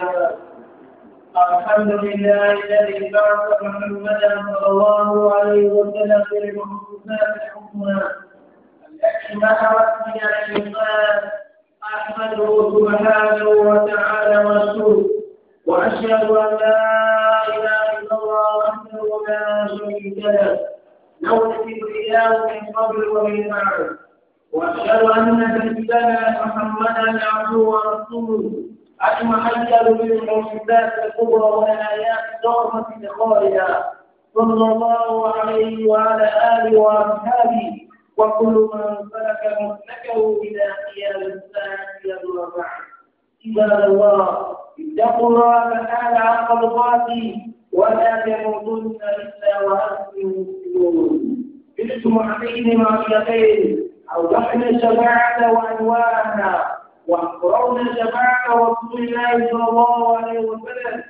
الحمد لله الذي بعث محمدا صلى الله عليه وسلم بالمحسنات الحسنى التي نحرت من الشيطان احمده سبحانه وتعالى واشكره واشهد ان لا اله الا الله وحده لا شريك له له الكبرياء من قبل ومن بعد واشهد ان سيدنا محمدا عبده ورسوله المحجل بالمعجزات الكبرى والآيات الضخمة لقائها صلى الله عليه وعلى آله وأصحابه وكل من سلك مسلكه إلى قيام الساعة أما بعد عباد الله اتقوا الله تعالى حق تقاته ولا تموتن إلا وأنتم مسلمون جئتم عليهم معصيتين أو نحن الشفاعة وأنواعها واحفرون جماعة رسول الله صلى الله عليه وسلم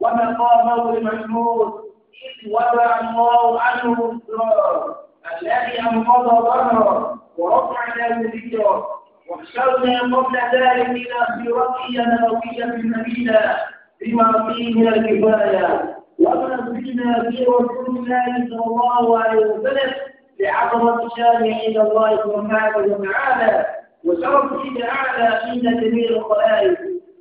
ومقامه المحمود إذ وضع الله عنه الصراط الذي أنقض ظهره ورفع له ذكره واحشرنا قبل ذلك إلى خيرته نبوية المدينة بما فيه من الكفاية وما زلنا في رسول الله صلى الله عليه وسلم لعظمة شانه عند الله سبحانه وتعالى وشرفه تعالى حين جميع القرآن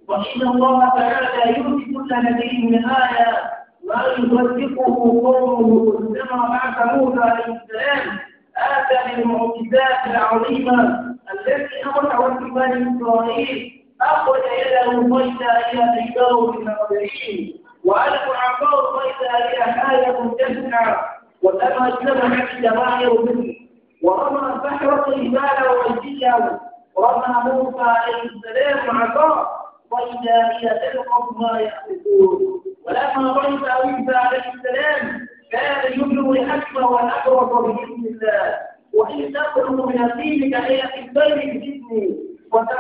وإن الله تعالى يؤتي كل نبي من آية ما يصدقه قومه كما بعث موسى عليه السلام آتى بالمعجزات العظيمة التي أمر عن بني إسرائيل أخرج يده فإذا إلى بيضاء من المدرسين وألف عصاه فإذا إلى حالة تسعى وتمجد اجتمعت جماهير منه ورمى بحرة قباله وجيه ربنا موسى عليه السلام عصاه وإذا هي تلقف ما يأفكون ولما ضيف موسى عليه السلام كان يبلغ الحكم والأقرب بإذن الله وإن تخرج من الدين كهي في الخير بإذني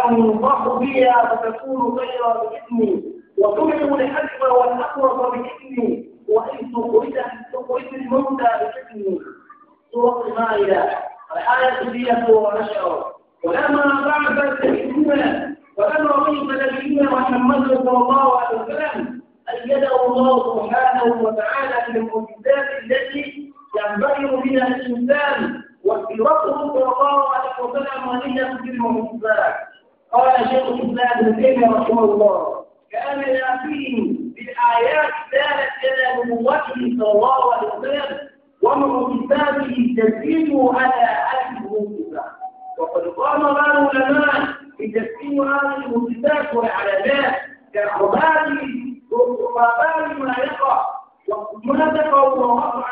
الله بها فتكون خيرا بإذني وتبلغ الحكم والأقرب بإذني وإن تخرج تخرج الموتى بإذني سورة مائدة الآية هي سورة الشعر ولما بعث سيدنا ولما بعث نبينا محمد صلى الله عليه وسلم أيده الله سبحانه وتعالى بالمعجزات التي ينبغي بها الإنسان واختراقه صلى الله عليه وسلم وليا في المعجزات قال شيخ الإسلام ابن تيمية رحمه الله كان يأتيهم بالآيات دالت إلى نبوته صلى الله عليه وسلم ومعجزاته تزيد على أهل المعجزات وقد قام بعض العلماء بتسليم هذه المهددات والعلامات كأخبار وخبار ما يقع وما تقع ووقع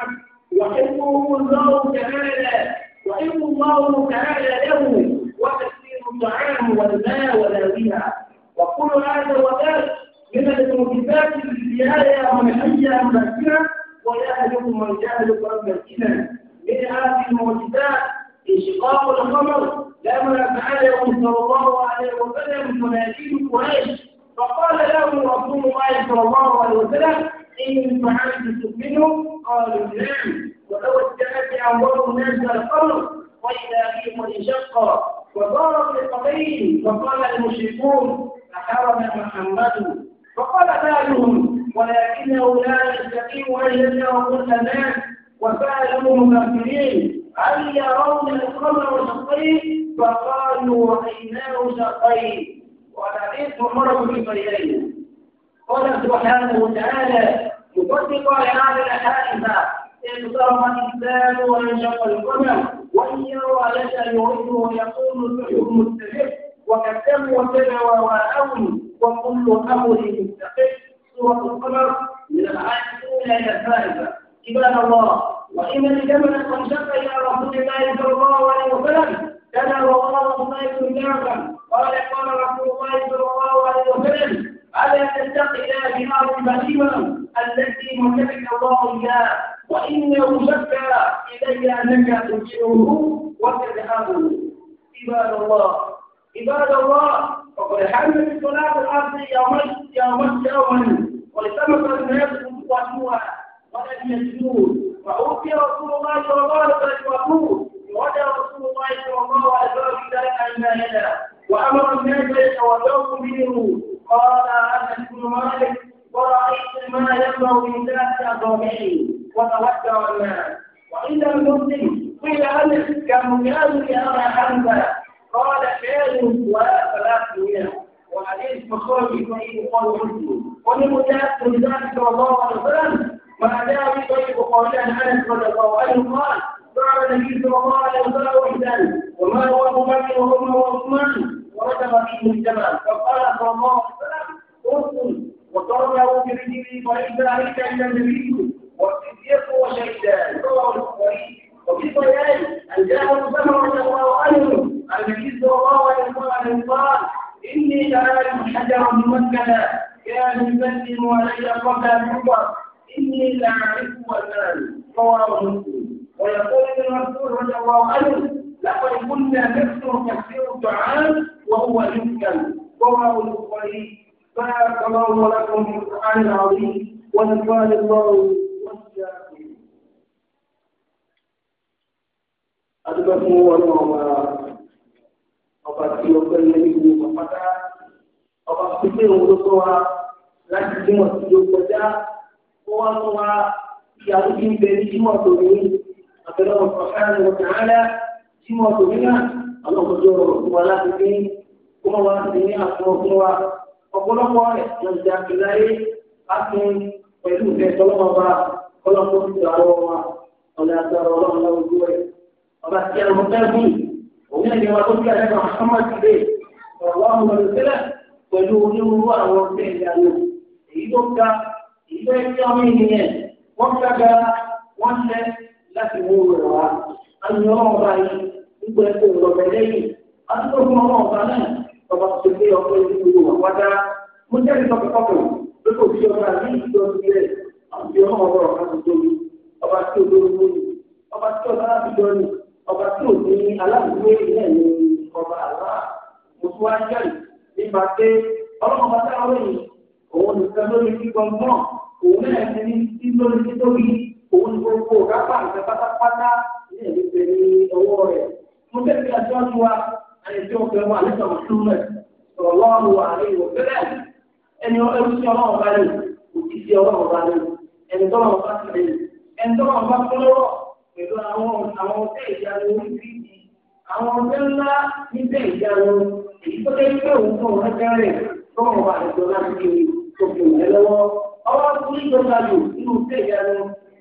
وحفظه الله تعالى وحفظ الله تعالى له وتسليم الطعام والماء بها وكل هذا وذاك من الموجبات الجارية والحية ولا ويهلك من جهل قبل الإيمان من هذه الموجبات انشقاق الخمر لما فعله صلى الله عليه وسلم تناديه قريش فقال له رسول الله صلى الله عليه وسلم إن فعلت تؤمنه قالوا نعم ولو اتبعت أول الناس الخمر وإذا فيهم قد انشق وصار في قبيل فقال المشركون أحرم محمد فقال بعضهم ولكنه لا يستقيم أن يدعو الناس وفعلوا مكفرين هل يرون القمر شقين فقالوا رأيناه شقين عمر في بالبينين قال سبحانه وتعالى يصدق لهذا الحادثة إن ظلم الإنسان وانشق القمر وإن يرى لك يريد يقول سحر مستمر وكتم وتبعوا وراءهم وكل أمر مستقر سورة القمر من الآية الأولى إلى الثالثة عباد الله وإن قد انشق إلى رسول الله صلى الله عليه وسلم كما وقال مصيب جعفر قال قال رسول الله صلى الله عليه وسلم ألا تتقي بلاد بهيمة التي ملكك الله إياه وإنه شك إلي أنك تنكره وتذهبه عباد الله عباد الله وقد حملت الصلاة الأرض يوما يوما يوما ولسبب الناس قوتها ولم يجدون فأوتي رسول الله صلى الله عليه وسلم يقول وجه رسول الله صلى الله عليه وسلم ذلك مما يدعى وأمر الناس يتولوه منه قال أنس بن مالك ورأيت ما يطلع من ذات أضابعه وتوجع الناس وعند المسلم قيل أنس كمجال لأبا حمزة قال شاهد وثلاث منها وحديث مخرج صحيح قال مسلم ولمجاهد من ذلك صلى الله عليه وسلم وعلى ذلك يقول عن انس رضي الله عنه قال قال النبي صلى الله عليه وسلم وحدا وما هو ابو بكر وعمر وعثمان وردم فيه الجمل فقال صلى الله عليه وسلم ارسل وضربه برجله فاذا هلك الا النبي والصديق وشهدان رواه البخاري وفي بيان ان جاءه الزهر رضي الله عنه النبي صلى الله عليه وسلم قال اني لارى حجرا ممكنا كان يسلم علي قبل ان إني لا أعرف وزال رواه مسلم ويقول ابن مسعود رضي الله عنه لقد كنا نكثر تكثير الدعاء وهو يذكر رواه البخاري بارك الله لكم في القرآن العظيم ونفعل الله والشاكرين. أدبكم ونعم ọba tí o fẹ́ lé ìwé pàpàtà ọba pípé òun ló sọ wa láti dín ọ̀sìn tó kọjá wọ́n tó wá ìyàwó tí ń bẹ ní jímọ̀ tó ní àbẹ̀rẹ̀ ọ̀pọ̀ káàdì ọ̀tẹ̀ àlẹ́ jímọ̀ tó ní náà àwọn ọ̀dọ́ ọ̀rọ̀ wa láti ní kó wọ́n wá sí ní àfihàn fún wa ọ̀pọ̀lọpọ̀ rẹ̀ ló ń jáde láyé láti pẹ̀lú ìfẹ́ tọ́lọ́mọba ọlọ́pọ̀ ti gbà wọ́n wa ọ̀nà àtàrà ọlọ́run lọ́wọ́ ojú ẹ̀ ọba Muhammad dé ọ̀rọ̀ àwọn ọmọ ìṣẹ̀lẹ̀ pẹ̀lú onírúurú àwọn ọ̀sẹ̀ ìyanu ìfẹ́ tí ọmọ ènìyàn wọ́n gbàgbà wọ́n ṣẹ́ láti wó rẹ̀ wá. Àyìn ọmọ ọba yìí gbogbo ẹgbẹ́ ìrọ̀bẹ̀ lẹ́yìn. Àtúntò fún ọmọ ọba náà bàbá tó gbé ọkọ ìlú gbogbo wà wájá. Mo jẹ́ ìtọ́kọ̀tọ́kọ̀ pé kò sí ọba ní ìjọ ìbílẹ̀ àti ọmọ ọba ọ̀ká tó tóbi. Ọba tí olórí ló ní. Ọba tí ọba àbíjọ ní. Ọba tí ò ní alábùgbé ilẹ̀ ní òun nìkan lórí kíkọ́n náà òun náà ti ní tí lórí títóbi òun ní gbogbo rábà ìfẹ́ pátápátá ní ẹ̀mí pẹ̀ ní ọwọ́ rẹ̀. mo fẹ́ fi àjọ ju wa àyè tí ó fẹ́ wà nípa mùsùlùmẹ̀ sọ̀rọ̀ lọ́rùn wa àlẹ́ ìwọ̀ fẹ́lẹ̀ ẹni ẹrú sí ọlọ́run bá lè òkì sí ọlọ́run bá lè ẹni tọ́lọ́run bá ti lè ẹni tọ́lọ́run bá fọ́lọ́rọ̀ pẹ̀lú àwọn àwọn ọ̀tẹ́ ìyanu oríṣiríṣi àwọn ọ̀tẹ́ ńlá níbẹ̀ ìyanu èyí tó lé pé òun tó wọn kẹ́rẹ̀ tọ́lọ́run bá lè jọ láti kéwì òkè òjẹ lọ́wọ́ ọwọ́ fún ìjọba lò nínú ìfẹ́ ìyanu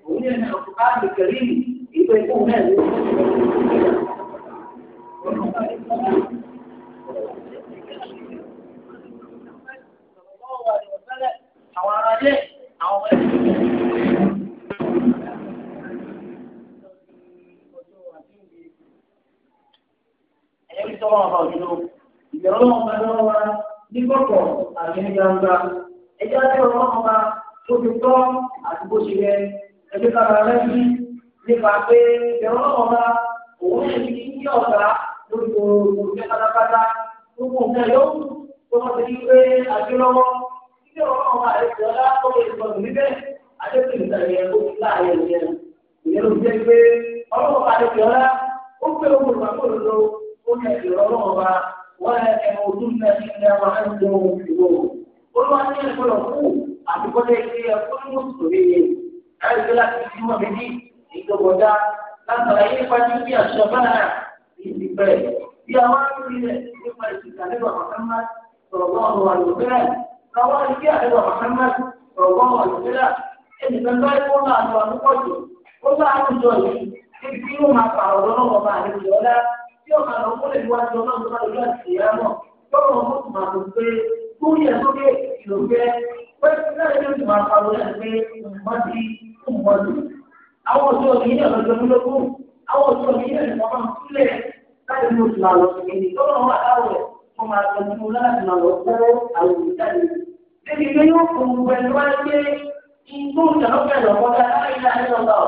òun yẹn ní ọ̀tún káàdì kẹrí ìgbé kó náà ló ń àwọn ará ilé àwọn ọmọ ẹgbẹ́ ẹ̀yẹ́ bí sọ́wọ́n ọba òjò ìgbẹ̀rún ọmọ ẹgbẹ́ wa ní kọ̀kọ̀ àti ní gbangba tọ́ àti bó ṣe yẹ ẹgbẹ́ kára lẹ́sí nípa pé ìbẹ̀rù ọlọ́wọ́ òun náà ti ní ọ̀gá lórí gbogbo ìjẹ́ pátápátá gbogbo nǹkan yóò tó wọ́n ti ní pé àjọlọ́wọ́ ìdí ọlọ́wọ́ bá rẹ̀ sọ lápò ìgbọ̀n níbẹ̀ adékùn ìtàgé ó ti láàyè ìyẹn ìyẹn ló jẹ́ pé ọlọ́wọ́ bá rẹ̀ sọ lá ó pé owó ìgbàgbọ́ lọ́dọ̀ ó ní ẹ̀sìn ọlọ́wọ́ bá wọ́n ẹ̀ ẹ̀ àti kó lè ṣe ọdún mùsùlùmí ni ẹ̀rí tó láti fi mọ̀ níbí ìgbọ̀gbọ̀dá látara yé pàdé bí àṣọ bára ìdí bẹ́ẹ̀. Bí àwọn arúgbìn rẹ̀ nípa ìṣìkà nígbà Mọ̀hámá sọ̀rọ̀ bọ́ ọ̀rọ̀ àlùfẹ́rẹ́ lọ́wọ́ ìdí àdébà Mọ̀hámá sọ̀rọ̀ bọ́ ọ̀rọ̀ àlùfẹ́rẹ́ ẹnì kan bá ẹ̀kọ́ náà lọ àdúgbò jù ó bá àwùjọ yìí níbi tí yóò máa pààrọ̀ lọ́wọ́ bá àlejò ọ̀la tí yóò máa lọ múlẹ̀ níwájú ọlọ́run bá lọ́jọ́ àti ìyá náà tó pé náà ní oṣù máa pariwo náà pé nǹkan ti nǹkan lò. Àwọn ọ̀ṣọ́ mi ní ọ̀dọ́ ìjọmúlógó. Àwọn ọ̀ṣọ́ mi ní ọ̀dọ́ máa ń sílẹ̀ láti ní oṣù máa lọ sí mi. Tó náà wà láwọ̀ rẹ̀ kó máa sọ fún un láti máa lọ kó àwọn olùjáde. Débi pé yóò fún un pẹ̀lú wáyé pé igbó ìjàlọ́fẹ̀ lọ́kọ́ta láì láì lọ́lọ́.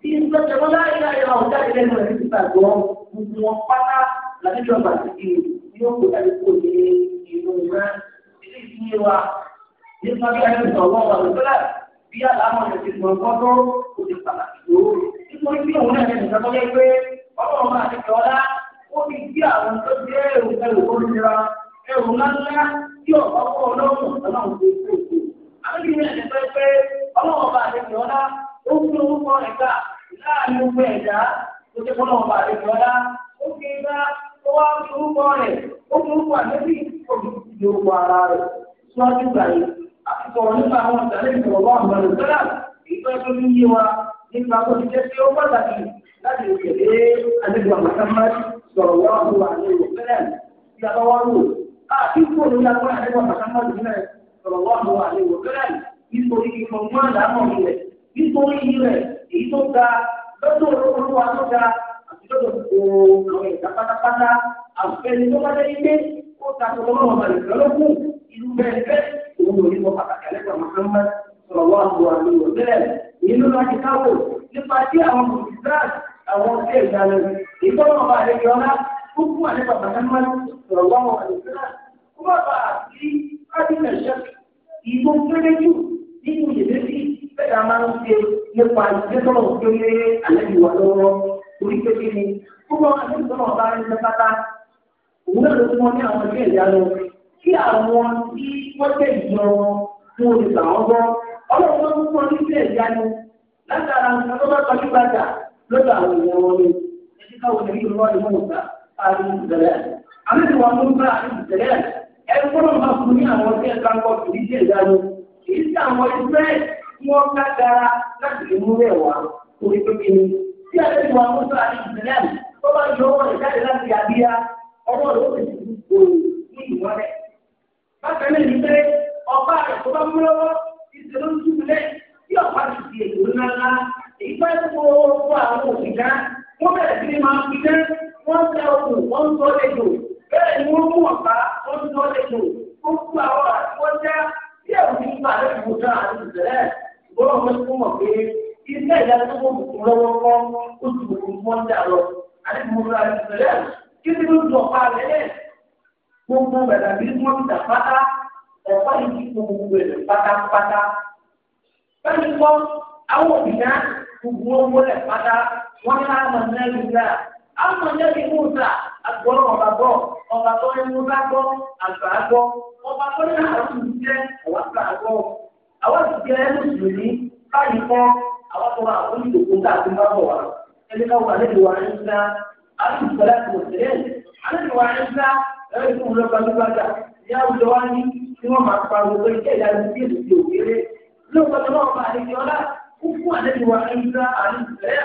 Tí ìgbẹ́jọ́ láì láì lọ́ọ̀ jáde lẹ́nu rẹ̀ ti gbàgbọ́ gbogbo wọn pátá láti jọba àti ìlú yóò kó dájú kó ní inú rẹ̀. Ilé ìdílé wa nípa bí a ti sọ̀rọ̀ wà lọ́sọ́lá bí àlámọ̀ rẹ̀ ti mọ̀ kọ́tọ́ kò ti pàtàkì tó. nítorí bí òun náà ẹni ìjọba yẹ pé ọlọ́run máa ti jọ ọlá ó fi bí àwọn tó jẹ́ ẹrù ẹrù ó nira ẹrù ńláńlá tí ọ̀pọ̀ ọkọ̀ ọlọ́run ọlọ́run tó kú. àbíkí ní ẹni pé pé ọlọ́run máa ti jọ ọlá ó fi orúkọ rẹ̀ gbà láàrin gbogbo ẹ̀dá tó ti kọ́lọ́run máa ti jọ ọlá ó fi gbá ó wá fi orúkọ rẹ̀ ó fi orúkọ àlébì ó fi orúkọ ara rẹ̀ síwájú gbà yìí àti sọ̀rọ̀ nípa àwọn ìdálẹ́ ìfọ̀rọ̀wọ́ àwọn ọ̀dọ́là ìgbà tó ní yé wa nípa tó ti jẹ́ pé ó pàtàkì láti tẹ̀lé àdéhùn àmàkàmá sọ̀rọ̀ wá àwọn àlejò fẹ́lẹ̀ tí a bá wá wò káàkiri kúrò lórí agbára àdéhùn àmàkàmá sílẹ̀ sọ̀rọ̀ wá àwọn àlejò fẹ́lẹ̀ nítorí ìfọ̀ mọ́ àdámọ̀ rẹ̀ nítorí rẹ̀ èyí tó ga lọ́dọ̀ olúwa tó ga àti lọ́dọ̀ gbogbo àwọn ìdá pátápátá àfẹ́ni tó bá dẹ́ irú bẹ́ẹ̀ bẹ́ẹ̀ òun ló ní wọ́n pàtàkì àlẹ́kọ̀ọ́ Muhammad sọ̀rọ̀ wà lù àlù òbẹ́rẹ̀ nínú láti káwọ̀ nípa tí àwọn mùsùlùmí àwọn ṣe ìdáná ìtọ́nà ọba àlejò ọlá ó fún àlẹ́kọ̀ọ́ Muhammad sọ̀rọ̀ wà lù àlù òbẹ́rẹ̀ kó bá bàa sí ádìmẹ̀ ṣẹ́ ìbò kéré jù nínú ìdẹ́sí bẹ́ẹ̀ a máa ń ṣe nípa ìdẹ́tọ̀nà òkèlè àlejò wà lọ́wọ́ orí kékeré kó bá wà ní ìtọ́nà ọba àlejò pátá òun náà ló fún wọn ní àwọn ilé ìdáná kí àwọn tí wọ́n tẹ̀ ìjọ wọn fún olùgbà wọn gbọ́. ọlọ́run ló ń kọ́ nílé ìyanu látara nǹkan tó bá kọ́ ní gbàgbà lọ́dọ̀ àwọn èèyàn wọn ni. ẹ̀jẹ̀ káwọn ẹ̀rí ìlú ọ̀rẹ́ mọ̀ nípa àrí ìbẹ̀rẹ̀. àmì ìwà ló ń bá àrí ìbẹ̀rẹ̀. ẹ gbọ́dọ̀ máa fún ní àwọn tí ẹ bá ń kọ́ sí nílé ìyanu. kì í sí àwọn ẹgbẹ́ tí wọ́n ká gara láti lè mú rẹ̀ wá orí pépé ni. tí àlejò àwọn tó bá yọ ọwọ́ bákan náà ní pé ọba rẹ̀ tó bá mú lọ́wọ́ ìṣèlú túbúlẹ̀ tí ọba ti di èlò ńláńlá èyí pẹ́ gbogbo àwọn òṣìṣẹ́ wọ́n bẹ̀rẹ̀ sí ni máa fi dẹ́ wọ́n tẹ òkú wọ́n tọ́ lẹ́jọ́ bẹ́ẹ̀ ni wọ́n mú ọ̀pá wọ́n ń tọ́ lẹ́jọ́ gbogbo àwọn àtiwọ́já tí ẹ̀rù ti ń bà lẹ́yìn mọ́tò àti ìṣẹ̀lẹ̀ ìgbọ́n ọmọ tó mọ̀ pé ilé ìyá tó wọ́n kù lọ́wọ́ kọ́ ó ti wù fún mọ́ńdà lọ àti mọ́tò àti ìṣẹ̀lẹ̀ ni ló dùn ọ̀pá gbogbo bàtà bí wọ́n ti dàpátá ẹ̀fọ́ yìí ti kó gbogbo ẹ̀ pátápátá. Bẹ́ẹ̀ni kọ́ àwọn òbíná gbogbo owó rẹ̀ pátá wọ́n ní àwọn ọ̀nà ìlúra. Àwọn ọ̀nà a ẹ̀sùn lọ gbajúgbajà ní àwùjọ wa ní kí wọ́n máa pa gbogbo iṣẹ́ ìyá ní bí èdè òkèèrè lóòótọ́ tó náà bá àlejò ọlá ó fún àlejò wa ẹ̀yìnká àlùfẹ́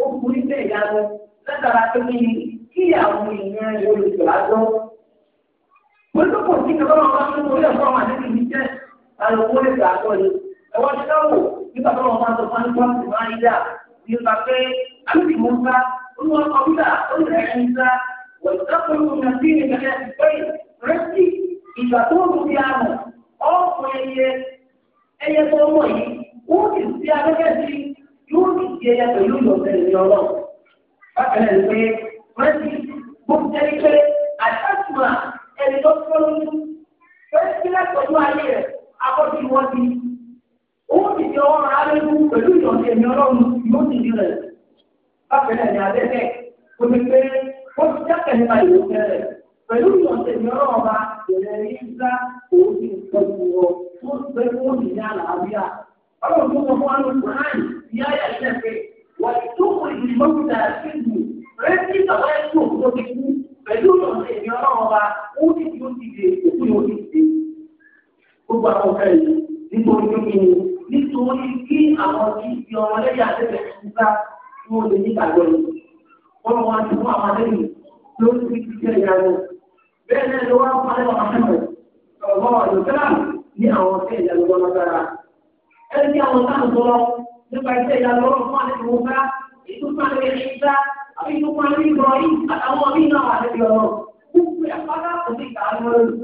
ó fún iṣẹ́ ìyá lọ látara pé kí kí àwọn èèyàn olùsọ àjọ. pẹ̀lúpọ̀ sí ìjọba wọn bá tún orí ẹ̀fọ́ àwọn àlejò yìí jẹ́ àlùkò lè gbà àtọ́ ni ẹ̀wọ́n ti dáwò nígbà tó wọn máa sọ fún àlùkò àti máa ń yá nípa pé àlùkò wọ́tàkùnrin nàìjíríà ìgbàlẹ̀ ìgbẹ́yìn rẹ́sì ìgbà tó ń fi àmọ̀ ọ̀pọ̀ ẹyẹ ẹyẹ tó mọ̀ yìí wọ́n ti fi abẹ́kẹ́ sí yóò ti di ẹyẹ pẹ̀lú ìlọ̀sẹ̀ ìyọ̀lọ́. bákan náà pé rẹ́sì gbogbo ẹni pé àtàkùnmá ẹni tó tó lójú rẹ́sì lẹ́kọ̀ọ́jú ayé rẹ̀ akọ́jú wọ́n ti wọ́n ti di ọwọ́ rẹ̀ alẹ́kùn pẹ̀lú ìlọ̀sẹ̀ ìyọ̀lọ́ ó ti jákè nípa ìlú tẹ́lẹ̀ pẹ̀lú ìyọ̀ǹtẹ̀ ní ọ̀rọ̀ ọba ìrẹ̀lẹ̀ ìgbà òun ti pẹ̀lú wọn tó ń pẹ́ fún òyìnbá àlàáfíà ọlọ́run tó kọ fún wa ló kúrò láì ìyá yà ilẹ̀ pé wà tó kọ ìgbìmọ̀ kúta síbi rẹ́sí ìtàwá ẹ̀sìn òkú tó ti kú pẹ̀lú ìyọ̀ǹtẹ̀ ní ọ̀rọ̀ ọba ó ti ti ó ti dé òkú yóò ti dé gbogbo àwọn ọ̀fẹ́ yìí nítorí pé kí ni nítorí kí àwọn kí ìfi ọmọlẹ́yà tẹ̀lé ìgbà tó lè ní ìgbàgbọ́ yìí. wọ́n wá ti fún àwọn àlẹ́yìn lórí ti ti tẹ̀lé ìyàwó. Bẹ́ẹ̀ náà ló wá ń parẹ́ wà Mohammed ọ̀gbọ́n àlùkálà ní àwọn ọ̀sẹ̀ ìyàwó wọn lágbára. Ẹni tí àwọn sáà ń sọ̀rọ̀ nípa iṣẹ́ ìyàwó ọ̀rọ̀ fún àlejò wọn bá ìtúpa lè rí ìgbà àbí ìtúpa lè rí ìrọ̀ yìí àtàwọn míì náà wà lẹ́bi ọ̀rọ̀. Gbogbo àpáta kò sí ìgbà àwọn olórí.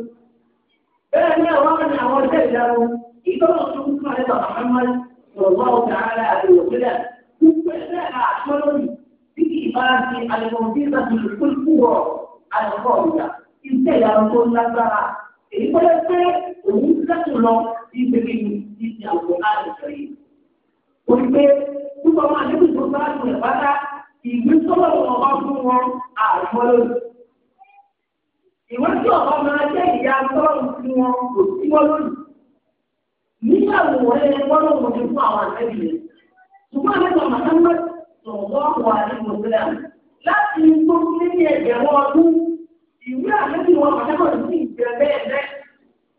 Bẹ́ẹ̀ ni àwọn ọmọ àwọn iṣẹ́ ìyàwó ìtọ́nà tó ń fún àlejò Mohammed ọ̀gbọ́n àlùkálà àti òṣèlè. Gbogbo ẹ̀ṣẹ̀ àṣọ lónìí máa fi àlùmọ̀bíyà ti lùkú kúrọ̀ àlùkò ọ̀gá iṣẹ́ ìyàrá tó lágbára èyí pẹ́ pé òun kẹ́tù lọ sí ìgbégi ní ìdí àwọn àlùkò yìí. ó ní pé púpọ̀ máa níbi tó bá tún ẹ̀ bátá ìgbé sọ́wọ́ wọn bá fún wọn àìmọ́ lórí. ìwádìí ọ̀gá máa jẹ́ ìyá sọ́wọ́ fún wọn kò sí wọn lórí. nígbà wo wọlé wọn lọ́wọ́ fún sọ̀gbọ́n àdìgbòsílẹ̀ láti tó ní ní ẹgbẹ̀rún ọdún ìwé àlejò wọn pàtàkì ní ìgbẹ́ bẹ́ẹ̀ bẹ́ẹ̀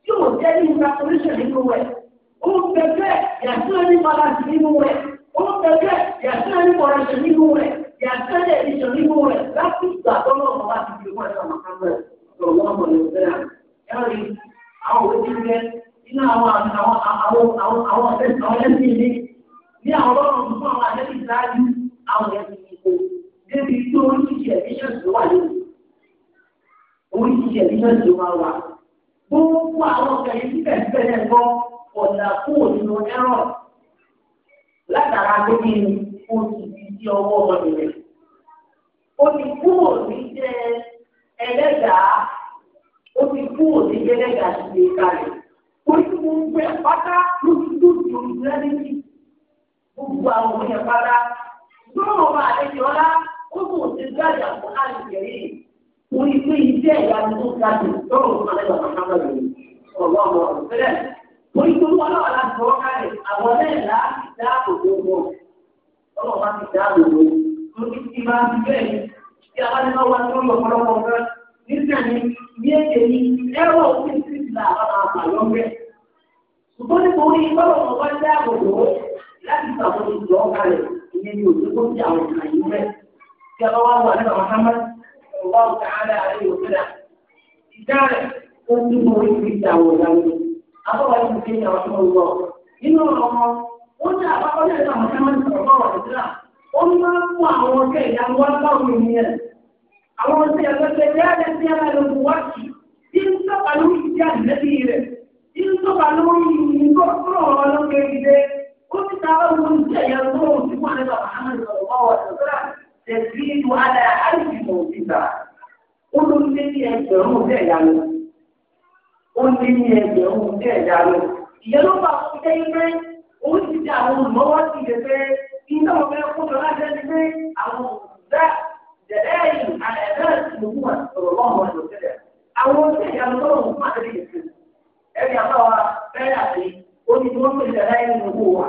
tí ò jẹ́ ní ìgbàkúrẹ́sẹ̀ nínú rẹ̀ ó ń bẹ bẹ́ẹ̀ yàtí ẹni nínú rẹ̀ ó ń bẹ bẹ́ẹ̀ yàtí ẹni nínú rẹ̀ yàtí ẹni ẹ̀díṣẹ̀ nínú rẹ̀ láti ìgbà tọ́lọ́ ọ̀rọ̀ láti fi wọ́n ẹ̀sán màkàndẹ̀ sọ̀gbọ́n àdìgbòsílẹ̀ ẹ̀rí àwọn òwe àwọn yẹn ti yípo débi tó oríṣiríṣi ẹ̀míṣàn ló wà lónìí oríṣiríṣi ẹ̀míṣàn ló máa wà gbogbo àwọn ọ̀gá yìí síbẹ̀síbẹ̀ náà gbọ́ ọ̀nà kúrò nínú ẹ̀rọ látara pé kí ni o ti di sí ọwọ́ ọmọbìnrin o ti kúrò ní jẹ ẹlẹ́dàá o ti kúrò ní jẹ ẹlẹ́dàá ti lè kalẹ̀ oríṣiríṣi gbogbo ẹ̀ pátá lójúdójú ìgbàlejì gbogbo àwọn ọmọ yẹn pátá lọ́wọ́ ọba àlejò ọlá ó kò ti gbàdé àpò àìsèré mo rí pé iṣẹ́ ìyanu tó ga jù lọ́wọ́ ọba àlejò ọ̀nà lọ́wọ́ ọ̀rọ̀ ọmọ ọ̀rọ̀ fẹ́lẹ̀ mo rí pé wọn lọ́wọ́ láti fọwọ́ kárẹ̀ àwọn ẹ̀dá dáàbò tó wọ̀ ọlọ́wọ́ bá ti dáàbò tó mo ti ti máa fi bẹ́ẹ̀ ni tí a bá ní lọ́wọ́ tó yọ ọ̀pọ̀lọpọ̀ nǹkan nígbà ní ní èdè ní ẹ̀rọ òfin sí ìlà àwọn àbàlọ́ bẹ́ẹ̀ ìyẹn ni tó ti àwọn ìlànà yìí rẹ̀. a bá wá wà nínú Muhammad, ọ̀wá ọ̀tá àlẹ́ àlẹ́ òṣèlá. Ìjà rẹ̀ ó ń dúró orí fi ti àwọn ìyàwó. Àbọ̀wá yìí ti ṣe àwọn ọmọ ìwọ. Nínú ọmọ, ó ní àbáwọ́ ní ẹ̀dá Muhammad ọ̀wá ọ̀tá. Ó máa ń mú àwọn ọkẹ́ ìyàwó wá ènìyàn. Àwọn ọ̀sẹ̀ ẹ̀fẹ́fẹ́ jáde sí ara ló bu wáṣí. Tí ń tọ́ka lórí ìdí àdìlẹ́bí rẹ̀. Tí ń tọ́ka lórí ìgbọ́ ojenụlọụe ie uii wụai ee ihe omue wụaeiaụ ó ní wọ́n pè jàdá ẹni nùkú wa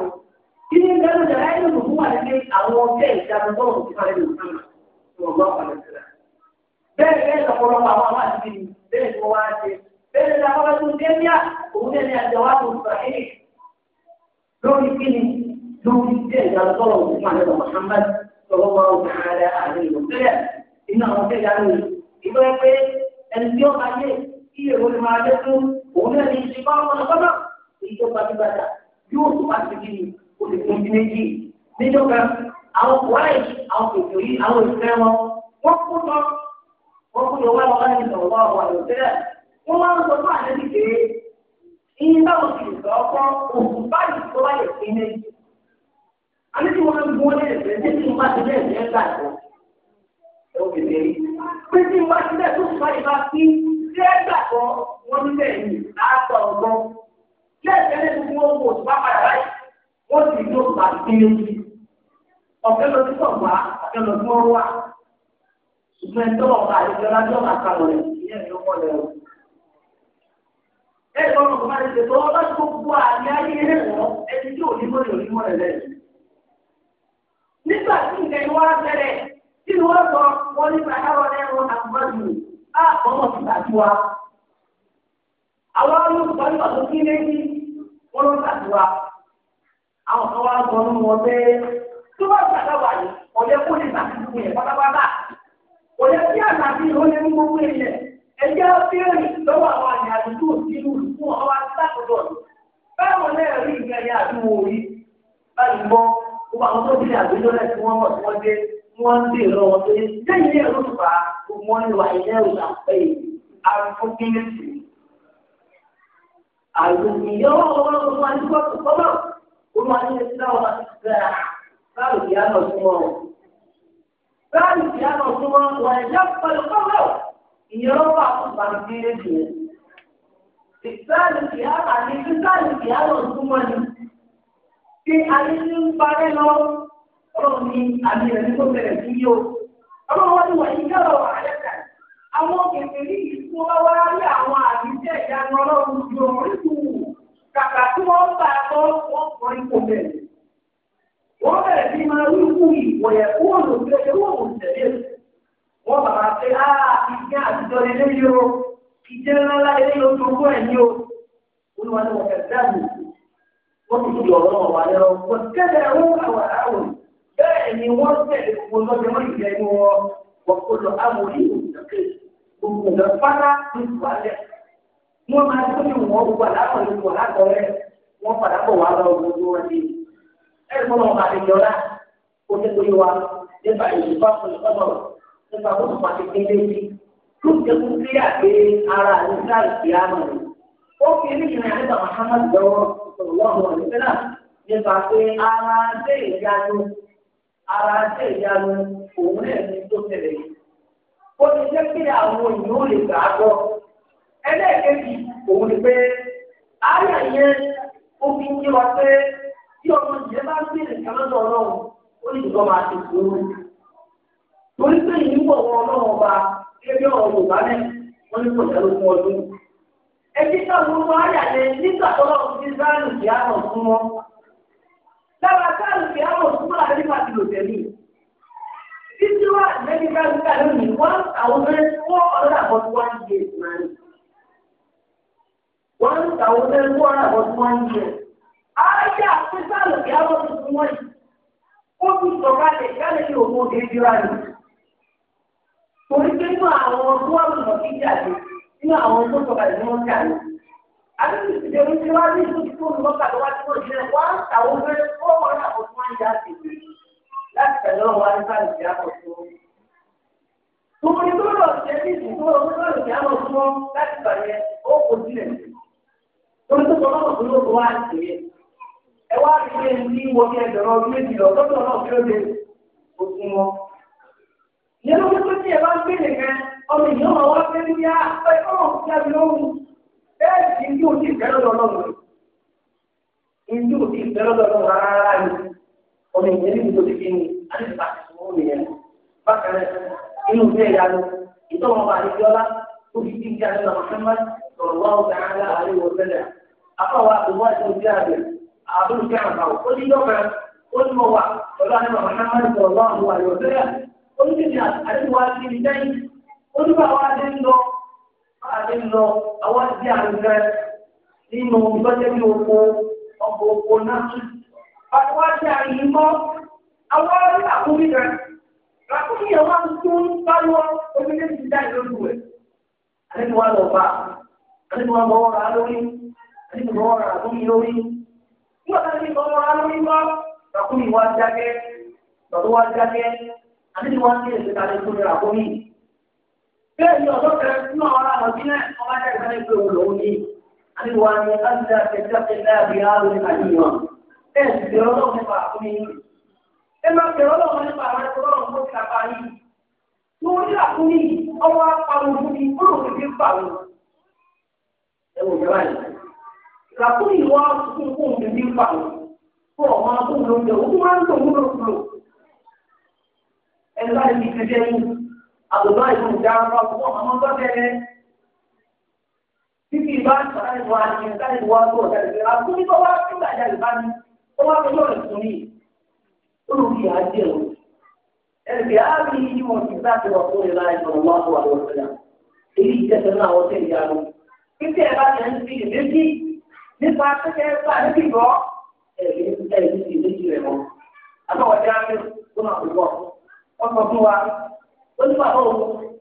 kí ni ìdájọ́ jàdá ẹni nùkú wa ni pé àwọn ọ̀gẹ́ ìjagun tó wọ́n ti fa ẹni nùkú náà tó wọ́n gbọ́ àwọn ìṣẹ̀lẹ̀ bẹ́ẹ̀ bẹ́ẹ̀ lọ́pọ̀lọpọ̀ àwọn àwọn àti bẹ́ẹ̀ ni wọ́n wá ṣe bẹ́ẹ̀ ni àwọn tó dé ní òun ní àjọwá tó fà é lórí kí ni lórí jẹ́ ìjagun Muhammad sọ̀rọ̀ wọn ò máa rẹ àárín ìlú bẹ́ẹ̀ iná àwọn ọ̀gẹ́ ìyá mi ìgbẹ́ pé ẹni tí ó máa ìjọba gbígbàdà yóò tó máa ti di olùkóyí méjì níjọba àwọn wáyé àwọn ètò yìí àwọn ìfẹ́ wọn wọ́n kú lọ wọ́n kú lọ wá lọ́wọ́ láti sọ̀rọ̀ wá wà lọ sílẹ̀ wọ́n máa ń sọ fún àlẹ́ nìké iye táwọn ti sọ ọkọ òkú báyìí tó wáyé sí méjì àlẹ́ tí wọ́n ń gbọ́ ní ẹ̀sẹ̀ ní tí wọ́n bá ti bẹ́ẹ̀ jẹ́ gbà tó ẹ̀ ó kéde rí pé tí wọ́n bá ti bẹ́ẹ̀ tó wáyé bá sí jẹ́ gbà tó wọ́n ní bẹ́ẹ̀ ní lẹ́ẹ̀kẹ́ lẹ́nu tí wọ́n wò bá padà láì wọ́n sì ló pa ìpínlẹ̀ ọ̀fẹ́ lọ sí sọ̀gbà ọ̀fẹ́ lọ sí wọ́n ṣùgbọ́n ẹni tó wọ̀ bá àyè jọlá jọ máa kà lọ́rẹ̀ ìyẹn ló kọ́ lẹ́rù. ẹ lọ rọ̀ bá ti ṣètò ọlọ́ tó gbọ́ àmì ayé rẹ̀ wọ́ ẹni tí ònímọ̀ rẹ̀ ònímọ̀ rẹ̀ lẹ́yìn. nígbà tí nǹkan ìwọ́ abẹ́rẹ́ tí ìwọ́ sọ wọ́n nípa ẹ̀rọ ẹ̀rọ àgbọ̀dù àwọn olùkọ́ nípa tó kí létí wọ́n ló ṣàdúrà àwọn kan wá gbọ́ nínú wọn pé tó bá ṣàdáwà yìí ọ̀yẹ́ kó lè má ti fún yẹn pátápátá ọ̀yẹ́ kí àgbàdì ló lè mú gbogbo ènìyàn ẹ̀jẹ̀ fíìrì lọ́wọ́ àwọn àyè àdúgbò sínú fún ọwọ́ àtàkùdọ̀ báwọn náà rí ìgbẹ́ni àdúgbò rí báyìí gbọ́ gbogbo àwọn tó bíi àgbéjọ́ náà tí wọ́n mọ̀ tí wọ́n dé wọ́n ń bè lọ́wọ́ pé lẹ́yìn náà ló fà á gbogbo wọn lọ àyè àlùmíyọ́ ọlọ́run máa ń gbọ́ kọ́kọ́ ó máa ń lè sí àwọn máa ti gbà báwo kì á lọ fún ọ. báwo kì á lọ fún ọ wọ́n ẹ̀jẹ̀ pẹ̀lú kọ́kọ́ ìyẹn wà fún bàbí ètò. ìsáàlù kì á bà ní ìsáàlù kì á lọ fún ọ ni. bí ayé ní ń parẹ́ lọ ọlọ́run àwọn kèké ní ìlú wa wá rí àwọn àbíjẹ́ ìyanu ọlọ́run ju orí kù kàkà tí wọ́n bá tọ́ wọ́n kọ́ ipò bẹ̀rẹ̀. wọ́n bẹ̀rẹ̀ sí máa rí kú ìwọ̀yẹ̀ kú òòlù tó ṣe wọ́n ò tẹ̀lé. wọ́n bàbá pé á ìjẹ́ àtijọ́ ilé yìí o ìjẹ́ ńlá ilé yìí o tó kọ́ o. olúwa ni wọ́n wọ́n ti di ọ̀rọ̀ wà lẹ́rọ wọ́n tẹ́lẹ̀ gbogbo ìjọ pátá ló ti wà lẹ̀. wọ́n máa tó ní wọ́n gbogbo àdáwọ̀ ló wà látọ̀rẹ́ wọ́n padà bọ̀ wá lọ gbogbo wọn ni. ẹ ẹ fọlọ́ ọmọ àti ìjọra kó tẹ́ tó yé wa nípa ìṣèpá fún ìfọ́sọ̀rọ̀ nípa bó tún pàṣẹ kéde sí. tó ti kú sí àgbé ara àdúrà ìgbé àmọ̀ rẹ̀. ó fi ní ìrìn àdébà Muhammad lọ́wọ́ sọ̀rọ̀ lọ́wọ́ nípa nípa pé ara dé ìyanu ara dé ìyanu òun náà ní tó tẹ̀lé yìí. ó ti jẹ́ kí àwọn ga ó lè gbà á gbọ́. ẹlẹ́ẹ̀kejì òun ni pé wa pé tí ọmọ ìyẹn bá gbé nìkan lọ́dọ̀ ọlọ́run ó lè jùlọ máa ṣe sùúrù. torí pé ìyíwọ̀ wọn ọlọ́run ọba gẹ́gẹ́ bí ọ̀rọ̀ Yorùbá ní wọ́n ní kò jẹ́rú fún ọdún. ẹjí táwọn ọmọ àyà yẹn nígbà tó lọ́run títí wà lẹ́yìn bá nígbà lónìí one thousand four hundred and forty one years náà ni one thousand four hundred and forty one years. ayé àfisàlù kí á lọ́ọ́ tuntun wọ́n yìí ó tún sọ̀kalẹ̀ yálẹ̀ yìí òun òde ìdíra ni. torí pé nínú àwọn tó wà lọ́nà kí jáde nínú àwọn tó sọ̀kalẹ̀ ní wọ́n jáde. àbíkú ti dẹ̀ wípé ìlú tó ń lọ́kàlọ́wá tí wọ́n jẹ́ one thousand four hundred and forty one years. láti tẹ̀lé ọ̀rọ̀ alifáàlì ìyá kan Gbogbo ní gbọ́dọ̀ ṣe ní ndị olóòrùn ìyá kan láti bàyẹ̀ ó kò sílẹ̀. Torí tó sọ lọ́wọ́ tó wá sí i. Ẹ wá rí ilé ní ní ẹgbẹ̀rún ọdún méjì lọ náà wọn. bá gbé nìkan, ọmọ ìyá ọmọ ní Ọ na ní ìdíje kí ni àti pàṣẹ wọn nìyẹn bákan náà inú bẹ́ẹ̀ yá lọ ìtọ́ wọn bá àdéjọ ọlá ó fi kí n jáde lọ Muhammad sọ̀rọ̀ wọn ọ̀gá ara Ọ sẹ́lẹ̀ afọwọ́ àtúwọ́ àti ojú àgbẹ̀ àbúrò kí àwọn Muhammad ọ̀dọ̀ wa ṣe àyè mọ́ àwọn orí àkúrí rẹ̀ làkúrí yẹn wá ń tún báwọ̀ omílé ti dá ìlú rẹ̀ àlejò wa lọ bá àlejò wa mọ̀wọ́ ra lórí àlejò mọ̀wọ́ ra lórí lórí nígbà tá a ti mọ̀wọ́ ra lórí mọ́ làkúrí wa jágẹ́ lọ́dọ̀ wa jágẹ́ àlejò wa ń tẹ̀lé ìgbésẹ̀ àlejò rẹ̀ àkúrí bẹ́ẹ̀ ni ọ̀dọ́ kẹrẹ nínú àwọn ará àwọn sílẹ̀ ọba jẹ́ ìgbàlejò òun lòun yìí àlejò wa ni á ẹ sì bẹ̀rẹ̀ ọlọ́run nípa àkúnmí yín ẹ máa bẹ̀rẹ̀ ọlọ́run nípa àwọn ẹ̀kọ́ ọlọ́run tó ti apá yín tó ní àkúnmí ọwọ́ apáwọn fún mi ó lòun fi fà wọn. ẹ wò jẹ́ báyìí làkúnmí wọn fún fún mi fi fà wọn fún ọmọ fún mi lóúnjẹ òun máa ń lò wúlò wúlò. ẹ bá ibi kẹjẹ yín àbùdá ìlú tó bá fi lọ́rẹ̀ sùn yìí ó lù kí á jẹ́ o. ẹnì á rí i wọn ti bá ti wà fún ìlà ìṣòro wá fún àwọn ọ̀sẹ̀ náà èyí ìjẹsẹ̀ náà wọ́n tẹ̀lé ìyá lọ. títí ẹ bá ti ń fi ìrètí nípa pẹ́kẹ́ bá níbi ìbọ̀ ẹ̀rí ẹ̀rí ti ìrètí rẹ̀ mọ́. àbọ̀wọ̀dé á fẹ́ kó máa fi bọ̀ wọ́n sọ fún wa ó ní bàbá òun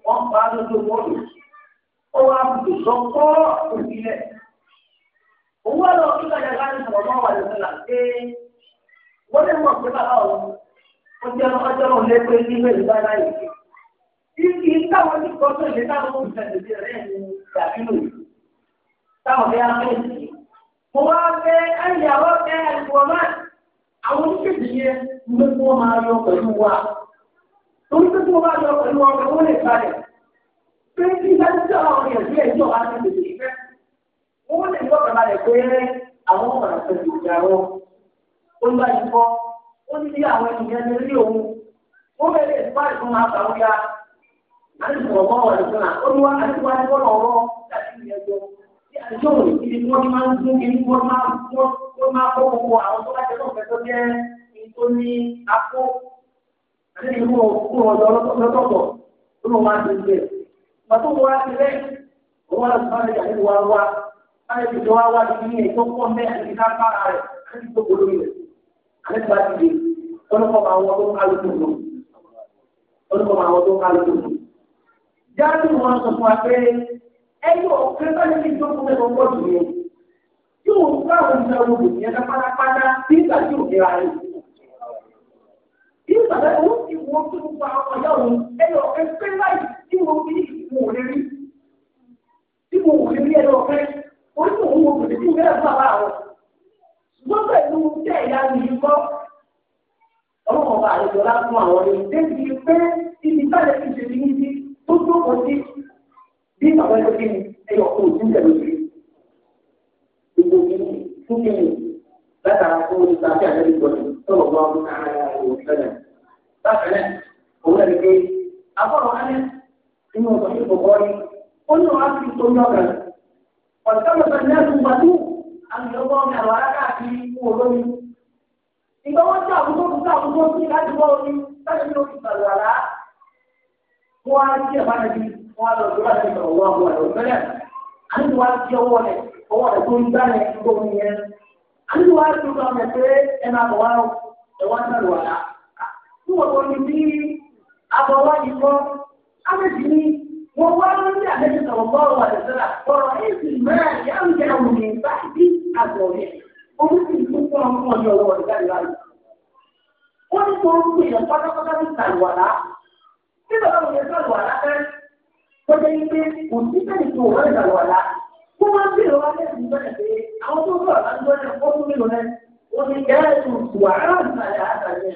wọ́n pa á lójú wọn lò ó wá bùsọ̀ kọ́ òbí rẹ̀ òun wá lọ kíkà yàrá ní sọ̀rọ̀ mọ́ wà lóṣù là pé wọ́n lè mọ̀ pé bàbá òun ó jẹ́ ọjọ́ òun lé pé nílé ìlú báyìí láyé kí kí táwọn ti kọ́ tó ìlé táwọn kò tẹ̀lé sí rẹ̀ ní ìdàbílò táwọn fẹ́ sí mo wá fẹ́ ẹ̀yàwó fẹ́ ẹ̀kọ́ náà àwọn oníṣègùn yẹn ló kí wọ́n máa yọ pẹ̀lú wa torí pé kí wọ́n bá yọ pẹ̀lú wa pẹ̀lú wọn lè wọ́n lè gbọ́ kàmá rẹ̀ pé àwọn ọmọ rẹ̀ pẹ̀lú ìjà wọn. ó ń bá yìí kọ́ ó ní bí àwọn ènìyàn ní rí òun. ó bẹ̀rẹ̀ ìfá ìfún máa bá wíyá. a ní sọ̀rọ̀ mọ́ ọ̀rọ̀ ìfún náà ó ní wá àti wá ní bọ́lọ̀ ọ̀rọ̀ láti ilé ẹjọ́. bí àjọ òun ìdí wọ́n máa ń gún kí wọ́n máa kọ́ gbogbo àwọn tó bá jẹ́ lọ́fẹ̀ẹ́ tó jẹ́ tó ní akó. àti ìlú òkú ọ̀dọ́ lọ́tọ̀ọ̀tọ̀ ó lọ́ wá ti bẹ̀. pàtó wọn á ti lẹ́yìn òun á lọ sí láti fi tó wá wá sí ní ètò pọ̀ mẹ́ àti ká bára rẹ̀ láti tó gbólórí rẹ̀. Àlẹ́ ti bá ti dé, ọlọ́kọ̀ máa wọ́n tó kálukú lò. Ọlọ́kọ̀ máa wọ́n tó kálukú lò. Jáde wọn sọ fún wa pé ẹyọ kẹfẹ́ ní kí tó kún ẹ̀kọ́ pọ̀ jù yẹn. Yóò gbá àwọn ìṣẹ́ olùdó yẹn ká pátápátá nígbà tí ò nira rẹ̀. Yóò gbàgbé owó ti wọ́n tó gba ọ̀yá òun ẹyọ kẹfẹ́ láì tí mo fi ìwò lérí. òun obìnrin tí bẹ́ẹ̀ bá wà wọ̀. ṣùgbọ́n pẹ̀lú tẹ̀ ìyá mi kọ́ ọlọ́run ọba àlejò lásán àwọn ni débi o ọ̀sẹ̀mọ̀sẹ̀ ní ẹ̀sùn gbàdú àmì mi àwọn arákàkiri kú olómi. ìgbà wọn tí àwùjọ tó tí àwùjọ sí láti bọ́ omi láti ní omi ìgbàlù àlá. wọ́n á ti ẹ̀fà nàbí wọ́n á lọ sí láti sọ̀rọ̀ wọ́n àwọn àlọ́ ìfẹ́lẹ̀. àníbi wàá ti ọwọ́ rẹ̀ ọwọ́ rẹ̀ tó ń gbá rẹ̀ tó ń yẹn. àníbi wàá ti ọkọ rẹ̀ pé ẹ máa bọ̀ wá ẹ̀wọ́n náà lù àlá. fún ọ̀pọ̀ wọ́n wá lórí àlejò sọ̀rọ̀ bọ́ọ̀rọ̀ àdìsára ọ̀rọ̀ èsì mẹ́rẹ̀ yà ń jẹ òun yẹn bá bí àgbọ̀rẹ́ òun sì tún fún ọmọ ọjọ́ ọwọ́ rẹ̀ jáde láàyè. wọ́n ní kó ń pè é pátápátá ní tàlùwàlá tí bàbá mi yẹn tàlùwàlá fẹ́ tó jẹ́ pé kò sí sẹ́yìn tó wọ́n tàlùwàlá kó máa ń bèèrè wá lẹ́sìn bẹ́ẹ̀ pé àwọn tó bọ̀ láti wọ́n náà wọ́n tún mélòó náà wọ́n ní gẹ́rẹ́sì wàhálà ìgbàlẹ̀ àtàlẹ́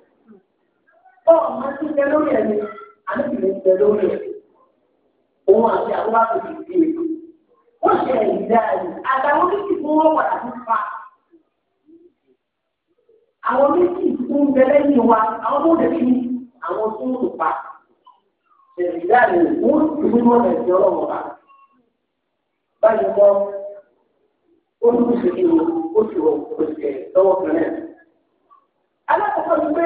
bọ́ọ̀ máa ti bẹ lórí ẹni àbí kìí bẹ lórí ẹ òun àti àwọn bá tóbi sí i wọ́n ṣe ẹ̀yìn dáadé àtàwọn méjì fún wọn wà láti fa àwọn méjì fún bẹlẹ yìí wa àwọn tó lè fi àwọn tó ń pa ẹ̀yìn dáadé wọ́n ti fi wọn lè ọlọ́wọ́ bá báyìí kọ́ ó ní oṣù kìíní oṣù oṣù ẹ̀ lọ́wọ́ kan náà alákọ̀ọ́kọ́ ni pé.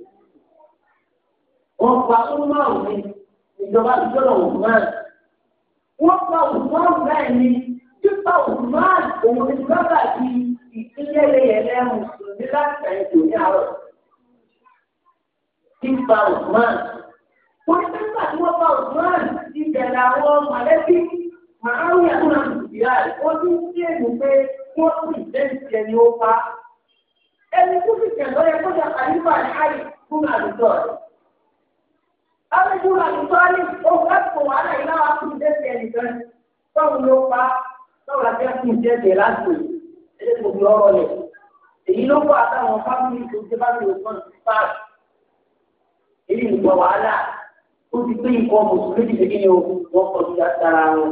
wọ́n pa ọmọ mi ìjọba ìjọba Usman wọ́n pa Usman bẹ́ẹ̀ ni pípa Usman òun ni bàbá di ìpínlẹ̀ yẹlẹ́ mùsùlùmí láti ẹ̀jọ̀ ní àárọ̀ pípa Usman wọ́n pípa tí wọ́n pa Usman ìbẹ̀rẹ̀ àwọn mọ̀lẹ́bí màálù yàtọ̀ náà ìyá rẹ̀ wọ́n tún sí èlò pé wọ́n tún ìdẹ́sí ẹni ó pa ẹni tó fi tẹ̀ lọ́yẹ kó jà kàlífà ní àyè fún àlùjọ rẹ̀. Abẹ́jú Màdùsọ́lì òun láti kò wá náà iná wa fún ìdẹ́sí ẹnìkan. Sọ́ọ̀mù ló pa sọ́ọ̀mù láti fún ìdẹ́sí láti ẹ̀dẹ́ kò fi ọ̀rọ̀ lẹ̀. Èyí ló kọ́ àtàwọn fámìlì tó ti bá mi kàn sí páàkì. Èyí ń gbọ́ wàhálà. Ó ti pé nǹkan mùsùlùmí ti kíni o, wọ́n kọ́ sí dára wọn.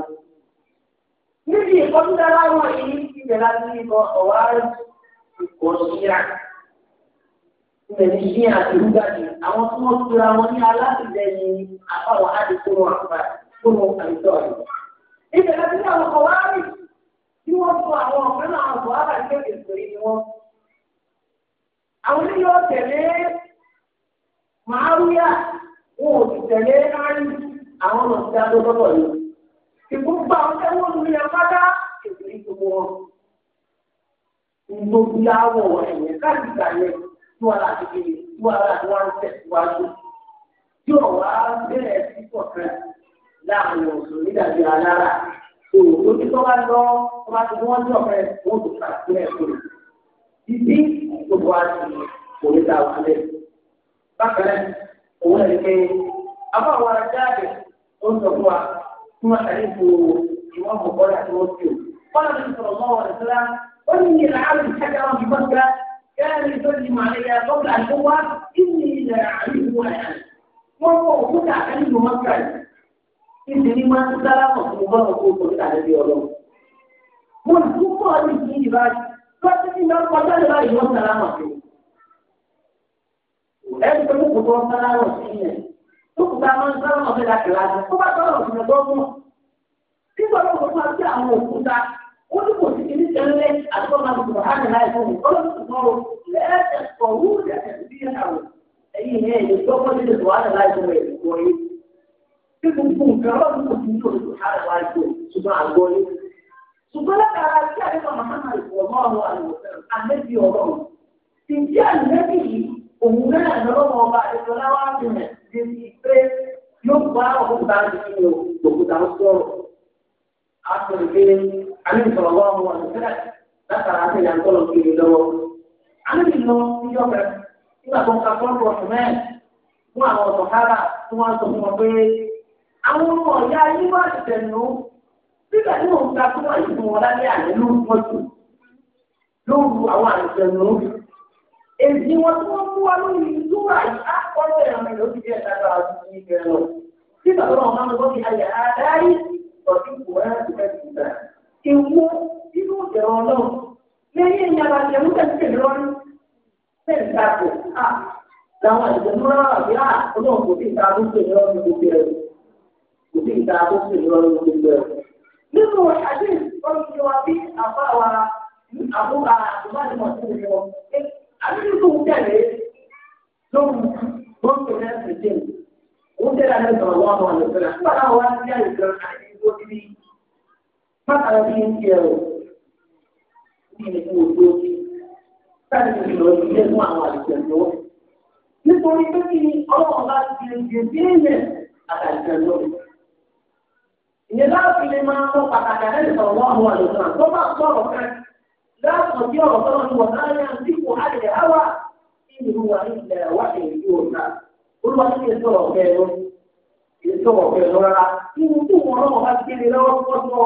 Níbi ìkọ́jú dára èyí ti bẹ̀rẹ̀ láti ní ìbẹ̀rẹ̀ ní àdìrúgbàdì àwọn tí wọ́n tura wọn ní alátìlẹyìn àbáwọn àdìkúrò àkúrò àìsọ rẹ̀. ibẹ̀ láti ní àwọn ọkọ̀ wáárì tí wọ́n fọ àwọn ọ̀fẹ́ náà àwọn ọkọ̀ wáárì kéèké sórí ni wọ́n. àwọn onílé wọn tẹ̀lé màáwíyà wọn ò sì tẹ̀lé áyù àwọn ọ̀nà tí a tó tọ́tọ̀ yìí. ìgbógbó àwọn tẹ́wọ́n ní ilẹ̀ pátá ètò ìgbòho wọn. ìgbògbó tí wàhálà àti kiri tí wàhálà àti wọn tẹ̀ síwájú tí ò wá bẹ̀rẹ̀ sí kọ̀ọ̀kan láàrin òsùn nídàbí alára òwò tí wọ́n bá lọ wọ́n bá ti wọ́n ní ọ̀fẹ́ wọ́n tó kà sí ẹ̀kọ́ rẹ̀ títí gbogbo àti òwe ta wà lẹ̀. bákan náà òun ẹ̀ pé àwọn àwọn ajáde ó sọ fún wa tí wọ́n tẹ̀lé fún ìwọ́n mọ̀ bọ́lá wọ́n fi o. wọ́n lọ sí sọ̀rọ̀ mọ́ ọ̀rẹ́ sílá ó ní ìlànà àrùn ìṣẹ́jà wọn fi bọ́ sílá كان يترجم عليها قبل أن هو إني لا أعرفه الآن وهو كنت أعلم مكة إنني ما تسلم مبارك كنت أعلم يوم والكفر هذه الجبال فاتني ما قتل لا يوم سلامة ẹni pé kókò tó ń sára wọn sí yẹn kókò tá a máa ń sára wọn sí la kìláàsì kó bá sára wọn sí lọ gbọ́ mọ́ kí wọ́n lọ́wọ́ fún wa sí àwọn òkúta كلكم تجلس عليه الله سبحانه لا يكون قلب تقولوا لا تقولوا لا تكبير أو أي هي يتوقف للدعاء لا يكون كويس كلكم تكون كرامكم تقولوا سبحانه لا يكون سبحان كويس سبحان الله كلمة محمد والله عليه وسلم النبي والله تجي النبي ومنا نرمى بعد الصلاة وعندنا في يوم بعد وبعد يوم وبعد الصلاة asọ̀rọ̀ kele alẹ́sọ̀rọ̀ wà wọn àtẹ̀sẹ̀rẹ̀ látara àti ìyàtọ̀lọ̀ kele ka fọ́ọ̀lù ọ̀sùn mẹ́ẹ̀ fún àwọn wọn wọn ló pàtúkù ẹ̀ ẹ̀ ewu inú ìjẹ̀rọ náà lẹ́yìn ẹ̀yìn ara jẹ̀ mú tẹ̀sí tẹ̀lé lọ́rí bẹ́ẹ̀ ní káàkó à làwọn ìjẹ̀mú rárá àbí à ọlọ́run kò sí ìta tó tẹ̀lé lọ́rí gbogbo ẹ̀ kò sí ìta tó tẹ̀lé lọ́rí gbogbo ẹ̀. nínú àdé ìfọ́nìyàn wa bí àbá wa àbúrò àtúmọ̀lẹ́mọ̀ tó yọ àbí tó tẹ̀lé lóhùn lóhùn tó yẹ kò tẹ̀lé òun tẹ̀lé àlẹ́ sọ̀rọ̀ wọn àwọn àlẹ́ sọ̀rọ̀ dúró sí bí ń jẹ o ní ìlú òdo sí sáré ní ìlọ ìjẹ fún àwọn àlejò ẹ̀dọ́ nítorí pé kí ọlọ́run bá ti jẹ bí ẹ̀yẹ àtàlejò ẹ̀dọ́ ìyẹn láti lè máa sọ pàtàkì àlejò ọ̀wọ́ àwọn àlejò tó bá sọ̀rọ̀ kan láàpọ̀ tí ọ̀rọ̀ tọ́lọ́ ti wọ̀ láàrin àdínkù àlejò àwà ìlú wa ilẹ̀ wà èyí olúwa ti lè sọ̀rọ̀ ètò ọ̀fẹ́ lọ́ra nínú tó wọn náà bá gbélé lọ́wọ́ pọ́tọ́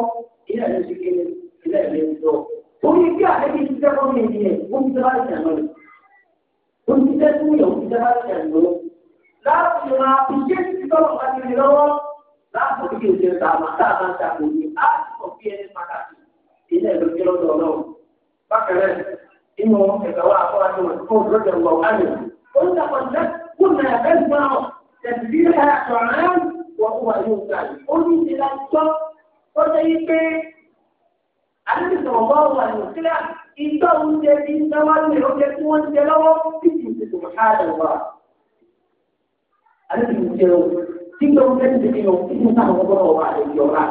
ilé ẹ̀mí ti kéde ilé ẹ̀mí ti tọ́. Orí bí àlejò ti jẹ́ fún mi nìyẹn, ó ti jẹ́ bá ti àná rẹ̀. Ó ti jẹ́ fún yẹn, ó ti jẹ́ bá ti àná rẹ̀. Láti máa fi jẹ́ títí tọ́lọ̀ bá gbélé lọ́wọ́, láti fi kéde ta àmà tá a máa ń takò ní láti bí ẹni pàtàkì ilé ẹ̀mí ti lọ́dọ̀ ọlọ́run. Bákẹ́rẹ́ inú ẹ̀gbà wa àkọ́wájú tẹ̀síra ṣọ̀rán wọ́n wà yóò gbà yìí. ó ní ìlera tọ́ ó jẹ́ yí pé àdéhùn ọ̀gá wà ní òkèlà ìgbà oúnjẹ ti ń dáwà ní oúnjẹ tí wọ́n ń jẹ lọ́wọ́ tí kì í ṣe tó ṣáà rẹ̀ wá. àdéhùn ìjẹ o tí gbà oúnjẹ ti ṣe o tí kì í ọgbọ́n wà lè yọ ra.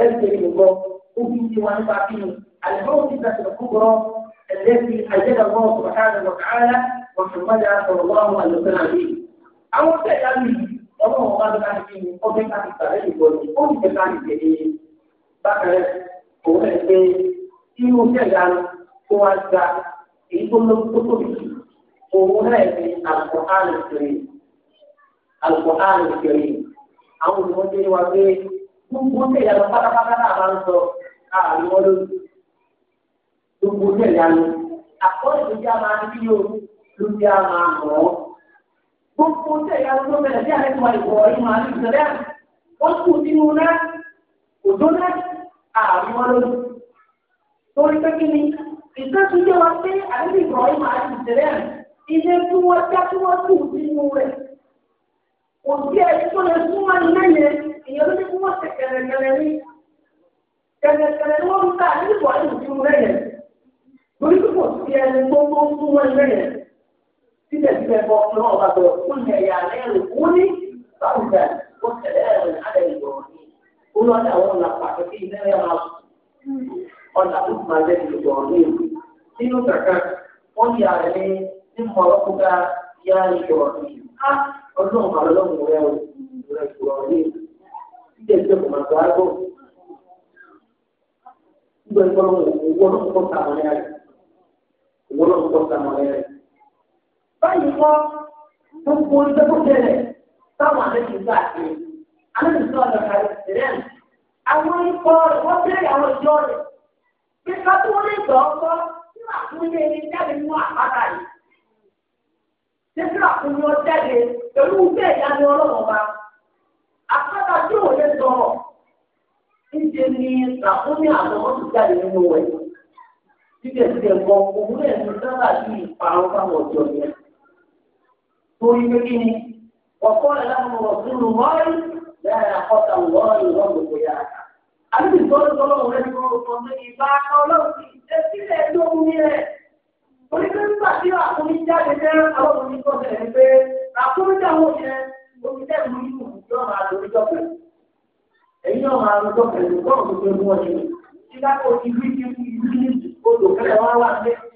ẹ ṣe ìgbọ́ ojú ti wá nípa kí ni àlùfáà ti gbàgbọ́ kúkúrọ́ ẹ̀lẹ́sìn àwọn tẹ̀ ká ní ọmọ wọn bá dúkà ní ọdún ká ní tàbí ìbọn ní ó ní tẹ̀ká ní tẹ̀lé bákan rẹ̀ òun ẹ̀ pé irú tẹ̀ ká tó wá gba èyí tó lọ tó tóbi jù òun náà ẹ̀ ní Al-Qur'an Al-Karim Al-Qur'an Al-Karim àwọn olùmọ̀ọ́dé wa pé gbogbo tẹ̀ yà lọ pátápátá náà máa ń sọ àárín wọn lórí gbogbo tẹ̀ yà lọ àkọ́ọ̀tù gbogbo tí ẹ̀yà lọ́dọ́ bẹ̀rẹ̀ sí àrẹ tiwa ìwọ̀ ọ̀rí máa ní ìṣẹ̀lẹ̀ ó kù sínú náà kò dóná ààrùn wọn lójú. torí pé kí ni ìtọ́jú yẹ wa pé àrẹ́bí ìwọ̀ ọ̀rí máa ní ìṣẹ̀lẹ̀ ilé tí wọ́n já tí wọ́n kù sínú rẹ̀. kò sí ẹni tó lè súnmọ́ ní lẹ́yìn ìyẹn ló ní kí wọ́n ṣe kẹ̀rẹ̀kẹ̀rẹ̀ ní kẹ̀rẹ̀kẹ̀rẹ̀ ni wọ́n ń ta àrẹ́bí ìwọ̀ ọ̀rí síbẹ̀síbẹ̀ bọ́ fún náà bá sọ̀rọ̀ fún ẹ̀yà lẹ́rù fún ní báwùdà ó tẹ̀lé ẹ̀rù alẹ́ ìgbọ̀rọ̀ ní. ó lọ sí àwọn ọ̀nà pàtó kí ilé rẹ̀ máa sùn. ọ̀nà tó máa jẹ́ ìgbọ̀rọ̀ ní ìlú. nínú kàkà wọ́n yà rẹ̀ ní ní mọ̀lọ́kù ká yá ní. á ọdún ọ̀gbọ̀n lọ́mù rẹ̀ ò rẹ̀ ìgbọ̀rọ̀ ní ìlú. síbẹ̀síbẹ̀ kò máa gbọ́ àgbò. ìgbẹ̀rù báyìí kọ́ gbogbo iṣẹ́ tó bẹ̀rẹ̀ táwọn àlejò gbà sí àlejò tó ọ̀dọ̀ kàrí sílẹ̀ àwọn ikọ̀ rẹ̀ wọ́n bẹ̀rẹ̀ àwọn ìjọ rẹ̀ pé ká tó wọlé ìgbà ọkọ nínú àkúnyé ní jáde nínú àpáta yìí títí àkúnyé ọ jáde pẹ̀lú bẹ́ẹ̀ ya ni ọlọ́wọ́ bá àpáta tí ò lè sọ̀rọ̀ níṣe ni àkúnyé àwọn ọmọ tó jáde nínú rẹ̀ títẹ̀ kọ òun ní sábà torí pé kí ni ọ̀pọ̀ ẹ̀láwọn ọ̀sùnù mọ́rí lẹ́yìn àkọ́tà wọ́ọ̀rì wọ́n gbogbo yára. àbíbi ìtọ́jú ọlọ́run rẹ̀ tó sọ pé ìbá ọlọ́run ti ṣe sílẹ̀ lóhun ní rẹ̀. torí pé nígbà tí àkúnmí jáde jẹ́ àwọn òní tó tẹ̀lé pé àkúnmí jáwọ́ yẹn omi tẹ̀ mú inú yóò máa lórí dọ́pẹ̀. èyí yóò máa lórí dọ́pẹ̀ lórí dọ́pẹ̀ lórí dọ́pẹ̀ lórí dọ́pẹ̀ lórí dọ́pẹ̀ lórí dọ́pẹ̀ lórí dọ́pẹ̀ lórí dọ́pẹ̀ lórí dọ́pẹ̀ lórí dọ́pẹ̀ lórí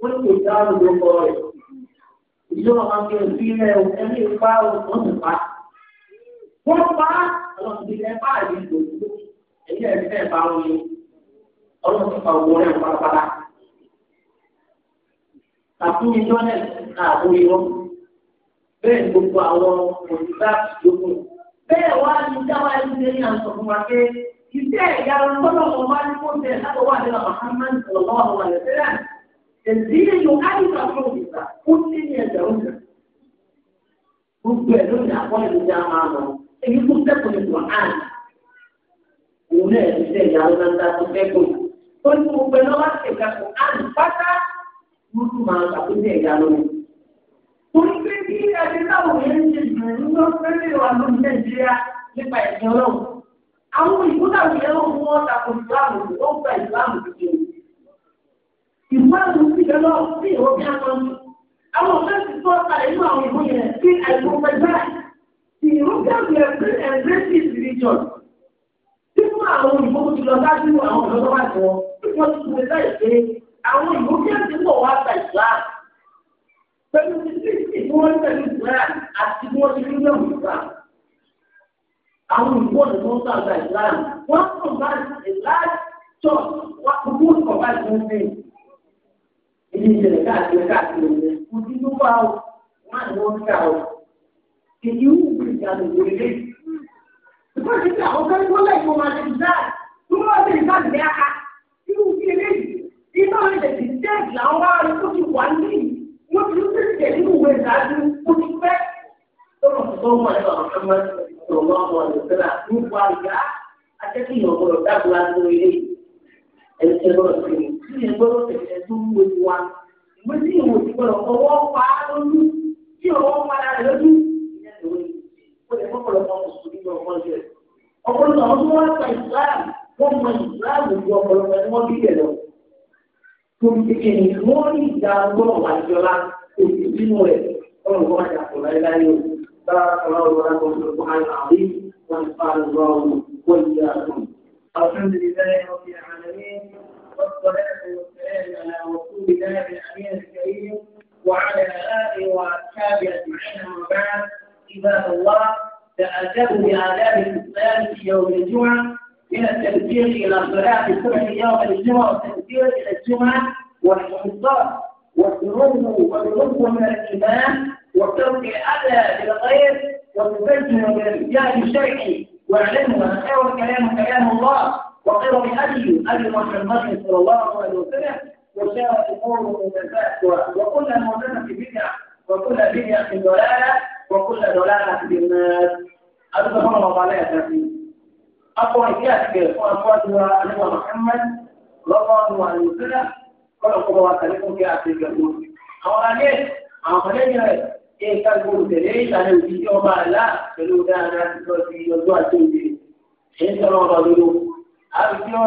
wọ́n kò dáhùn ló kọ rẹ̀. Ìjọ máa fi òbí rẹ̀ ẹni pa òun sì pa. Wọ́n pa ọlọ́run ti rẹ̀ bá àyè lò ó. Ẹ̀yìn ẹ̀rí fẹ́ bá wọn yé. Ọlọ́run ti pa owó rẹ̀ pátápátá. Àfún ìjọ náà àbò irọ́. Bẹ́ẹ̀ ni gbogbo àwọn òṣìṣẹ́ àtìjókòó. Bẹ́ẹ̀ wá ní dáwà ẹni tẹ́ ní àǹtọ̀ fún wa pé ìṣe ọlọ́run wá ní kó Ẹ̀dínlẹ̀ yóò káyọ̀ ìtàkùn ìgbà ó ní ní ẹ̀dá ọ̀sẹ̀. Gbogbo ẹ̀ lónìí àkọ́lé ti dá máa lọ. Èyí tó dẹ́kun ní Quran. Òun náà ti fẹ́ ìyá ọ̀nà ńlá tó dẹ́kun. Ó ní gbogbo ẹ̀ lọ́wọ́ ti ẹ̀ka Quran pátá. Wọ́n tún máa gbàgbé ní ẹ̀dá lónìí. Torí pé bí ẹni táwọn èèyàn ti bẹ̀rẹ̀ ní wọ́n fẹ́rẹ̀ wà lórí Nàìjíríà nípa ẹ̀sìn ọlọ́run. Àwọn ìgbóná ìyẹn ó mú ọ́ta kò ìlú àmì ìfọ́nù síbẹ̀ lọ sí ìwọ bí wọn ní. àwọn fẹ́ẹ̀sì tó ọ̀tà inú àwọn ìwọ yẹn sí àìkúnpẹ́gbà the european will embrace this religion. nínú àwọn ìwọ tó ti lọ dájú àwọn ìlọ́dọ́ wà jọ nípa tuntun ní láì pé àwọn ìwọ bí wọn ti ń bọ̀ wá gba ìgbà. pẹ̀lú títí tí wọ́n ń tẹ̀lé ìgbà àti bí wọ́n ti rí náà ìgbà. àwọn ìwọ ni wọ́n gbà gba ìgbà wọ́n kọ̀ bá ìgbà jọ wọ́n kọ̀ bá ìgbà èyí ìṣẹ̀lẹ̀ káàkiri káàkiri òun mo tó wá o má ní wọ́n ká o èyí ń wù ìyàlú òwe lé ìgbà tí kí àwọn kan wọ́n lẹ́yìn wọn máa ti dá tó wọ́n ti dá ìgbé aka irú kí eléyìí iná rẹ̀ lè ti dẹ́ẹ̀dì àwọn wá rẹ̀ tó ti wà ní wọ́n ti ń tẹ̀sí ẹ̀ nínú ìwé ìdájú ó ti pẹ́ tọ́lọ̀ tó tó wọ́n ẹ̀rọ àwọn ọmọ ẹ̀rọ ọmọ ọmọ ẹ̀rọ ẹsẹ̀ gbọ́dọ̀ tẹ̀lé tí ẹ gbọ́dọ̀ tẹ̀lé tó ń wo wa ìwé tí ìwò ti gbọ́dọ̀ ọwọ́ pa á lójú tí ọwọ́ padà rẹ̀ lójú ìyẹn ló ń wọ́n lè fọ́pọ̀lọpọ̀ mùsùlùmí ọmọ rẹ̀ ọ̀rọ̀ kọ́ الحمد لله رب العالمين والصلاة والسلام على رسول الله الأمين الكريم وعلى آله وأصحابه أجمعين أما بعد عباد الله تأدبوا بآداب الإسلام في يوم الجمعة من التبكير إلى صلاة الصبح يوم الجمعة والتبكير إلى الجمعة والحضار والتنظر والتنظر من الإيمان وترك الأذى للغير والتبجل من الرجال الشرعي واعلموا أن خير الكلام كلام الله وخير الهدي هدي محمد صلى الله عليه وسلم وشار الأمور محدثاتها وكل في بدعة وكل بدعة ضلالة وكل ضلالة في الناس هذا هو الله تعالى يا سيدي أقوى إياك وأصواتها نبي محمد صلى الله عليه وسلم قال القضاء عليكم يا أخي الجمهور قال ليش؟ أولا إيه؟ ليش؟ yẹ ká gbòòrò tẹ̀lé ìlànà òjijì ọba àlá pẹ̀lú dáadáa lọ sí ọjọ́ àti òde èyí sọ̀rọ̀ ọ̀rọ̀ lólo àbíkíọ́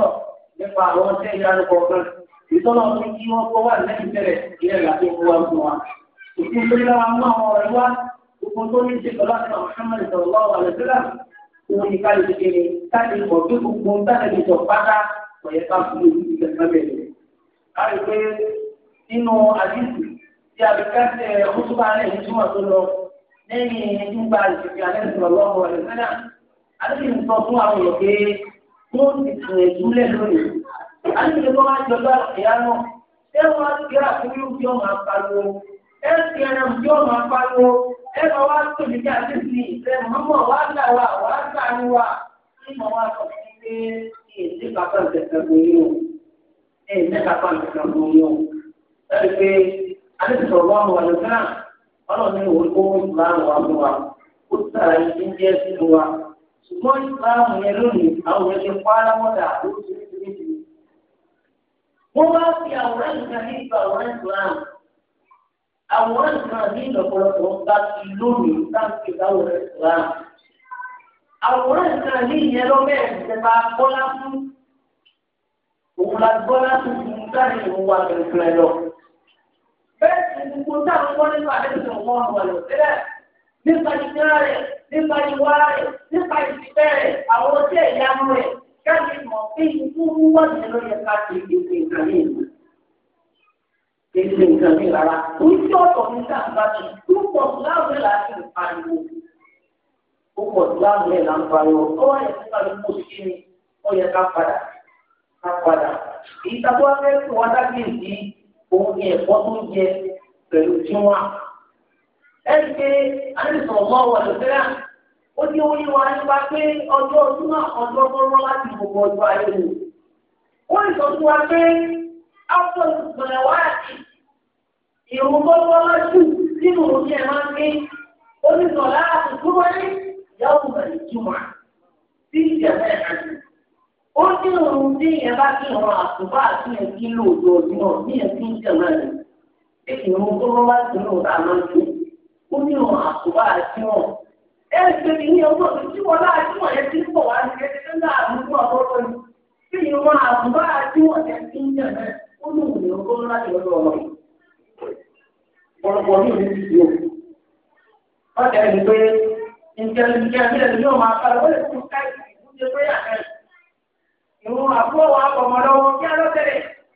nípa àwọn tẹ́ ìlànà kọ̀ọ̀kan ìtọ́nà ọdún kí wọ́n kọ́ wà lẹ́yìn tẹ̀lẹ̀ ìyẹn làbí owó wa fún wa òkú nítorí lára mú àwọn ọ̀rẹ́ wa gbogbo tó ní ṣe pẹ̀lú àti àwọn sọ́mọ́ ìsọ̀rọ̀ lọ́wọ́ àlẹ́sílà òun ní ká lè ṣe kéré ká lè mọ̀ pé gbogbo táwọn pátá ọ̀yẹ́ fún mi ìgbà náà a rí pé nínú àdínkù tí a lè kẹ́sẹ̀ ọ̀túnba alẹ́ yìí túmọ̀ tó lọ lẹ́yìn nígbà ìṣèjì alẹ́ sọ̀rọ̀ lọ́wọ́ rẹ̀ sẹ́nà alẹ́ yìí sọ fún àwọn èèyàn pé tó ti sùn ìdúlẹ̀ lónìí alẹ́ yìí kọ́ máa jọ lọ ìyá náà ẹ wá kíra fún yóò fi ọmọ apariwo ẹ fi ẹran fi ọmọ apariwo ẹ máa wá tóbi kí a ti sìn ìfẹ́ mọ́mọ́ wá gbà wá wá gbà ní wa ìmọ̀ wa sọ fún mi pé èdè bàbá ìtẹ̀sẹ̀ kò yí o èdè bàbá ìtẹ̀sẹ̀ kò yí o ẹ àti sọ̀rọ̀ àwọn àlùkà ọlọ́run ní òun kó ìsìláàmù wa fún wa ó sàrà ìdí ń jẹ́ sínú wa ṣùgbọ́n ìsìláàmù yẹn lónìí àwọn yẹn ṣe pààlà mọ́tà lóṣìṣẹ́ wọ́n wá fi àwòrán nǹkan ní ìgbà àwòrán ìsìláàmù àwòrán nǹkan ní ìlọ̀pọ̀lọpọ̀ ń bá ti lónìí táǹkì ìdáwòrán ìsìláàmù àwòrán nǹkan ní ìyẹn lọ́mẹ́ẹ̀ ìjẹba bọ́lá fún òun la gbọ́lá fún kọ́ nípa àdéhùn ọmọ ọmọ rẹ̀ sílẹ̀ nípa ìṣẹ́ rẹ̀ nípa ìwà rẹ̀ nípa ìṣẹ́ rẹ̀ àwọn ojú ẹ̀yà rẹ̀ káàkiri mọ̀ pé ikú wúwọ́ ní ló yẹ ká ti ìdíje nǹkan yìí mọ̀. Ìdíje nǹkan yìí rárá. Ojú ọ̀tọ̀ ní sàǹbá ti púpọ̀ láwùjọ láti pariwo. Púpọ̀ láwùjọ là ń pariwo. Ó wáyé nípa ikú sí ni ó yẹ ká padà. Ká padà. Ìtàkùn afẹ́ fún wa dábìlì òun ni ẹ̀kọ́ tó jẹ pẹ̀lú tí wọ́n. ẹni pé àdìsàn ọmọ wà lọ́sẹ̀rẹ̀ ó ní oyún wa nípa pé ọjọ́ ọdún náà ọjọ́ láti gbogbo ọjọ́ ayé wò. wọ́n sọ fún wa pé ápọ̀ ìgbọ̀nrẹ̀ wá ìrùn nínú máa ń gbé láàbù ní ìyàwó sí ìjẹ̀bẹ̀ ó ní òun tí ìyẹn bá àti ẹ̀kí ní ẹ̀kí ìjẹ̀bẹ̀ ìrùn tó wọ́n bá ti rò rà lọ́jọ́ ó ní ọ̀hún àkùbá àti ọ̀hún. ẹ ṣe ní ọgbọ́n tó tí wọ́n náà tí wọ́n yẹn ti ń bọ̀ wá ní ẹni tó náà mú kí ni àkùbá àti yẹn ti ń náà ó ní òun láti yìí.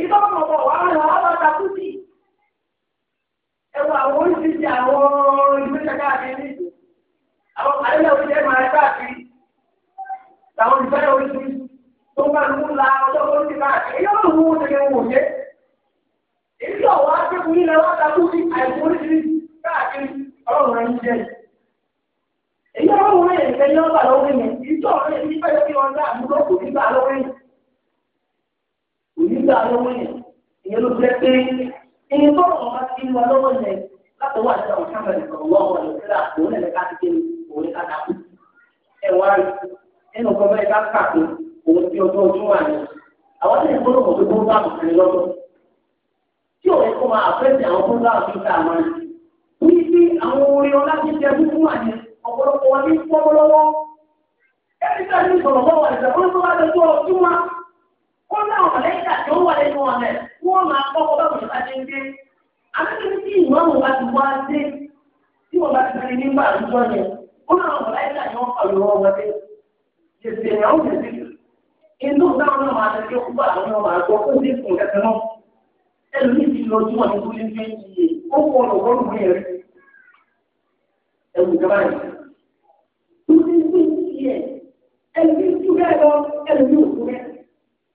ìgbà wọn bọ̀ wá rẹ̀ wá bá ta kú sí. ẹ wo àwọn oríṣiríṣi àwọn ìwé kankan àti ilé ìlú àwọn àlejò oríṣiríṣi ẹ̀ máa rẹ̀ káàkiri làwọn ìfẹ́ oríṣiríṣi tó bá ń mú la ọjọ́ oríṣiríṣi káàkiri èyí yóò wú wọn tẹ̀lé wò yẹ. èyí yóò wá kékeré ilẹ̀ wá ta kú sí àìsàn oríṣiríṣi káàkiri ọlọ́run ẹni jẹ́ èyí yóò wọ́n wọ́n yẹn ìfẹ́ yọ́ òyìnbá lọ́wọ́ yẹn ìyẹn ló jẹ́ pé ẹni tó rọ̀ wá sí wa lọ́wọ́ yẹn láti wá sí àwọn sábà nìkan wọ́n wọ̀ lọ síra òun lẹ̀ ká ti kéwì òun ká dàkú. ẹ wá rí ẹnu kan bẹ́ẹ̀ ká kà pé òun ti ọjọ́ ojú wà ní. àwọn tẹ̀lé tó lọ́wọ́ tó gbóngbó àbùkù ni lọ́dọ̀. tí òun kò máa fẹ́ẹ̀sì àwọn gbóngbó àbùkù tá a máa ń ṣe. wí àwọn orin ọlá ó láwọn mọ̀lẹ́kà tó wà lẹ́nu ọ̀nà wọ́n máa kọ́kọ́ bá bùnú láti ń gbé. Akẹ́kọ̀ọ́ tí ìmọ̀ràn bá ti wá dé tí wọ́n bá ti fi nígbà àtijọ́ yẹn ó láwọn mọ̀lẹ́kà ni wọ́n kọ̀lù wọn wọlé. Jèsè ni àwọn jèsè jù. Inú táwọn náà máa tẹ̀lé ọkú bá àwọn máa gbọ́ kó dé fún kẹsẹ̀ náà. Ẹlòmíì ti lọ sí wọn ní kúlé fẹ́ yìí. Ó kọ ọ̀nà ọ̀rọ̀ mi rẹ̀. Ẹ̀wù ìjọba yìí. Kúlé fún yìí ẹ̀ ẹ̀lòmíì tún bẹ́ẹ̀ lọ ẹ̀lòmíì òkú bẹ́ẹ̀.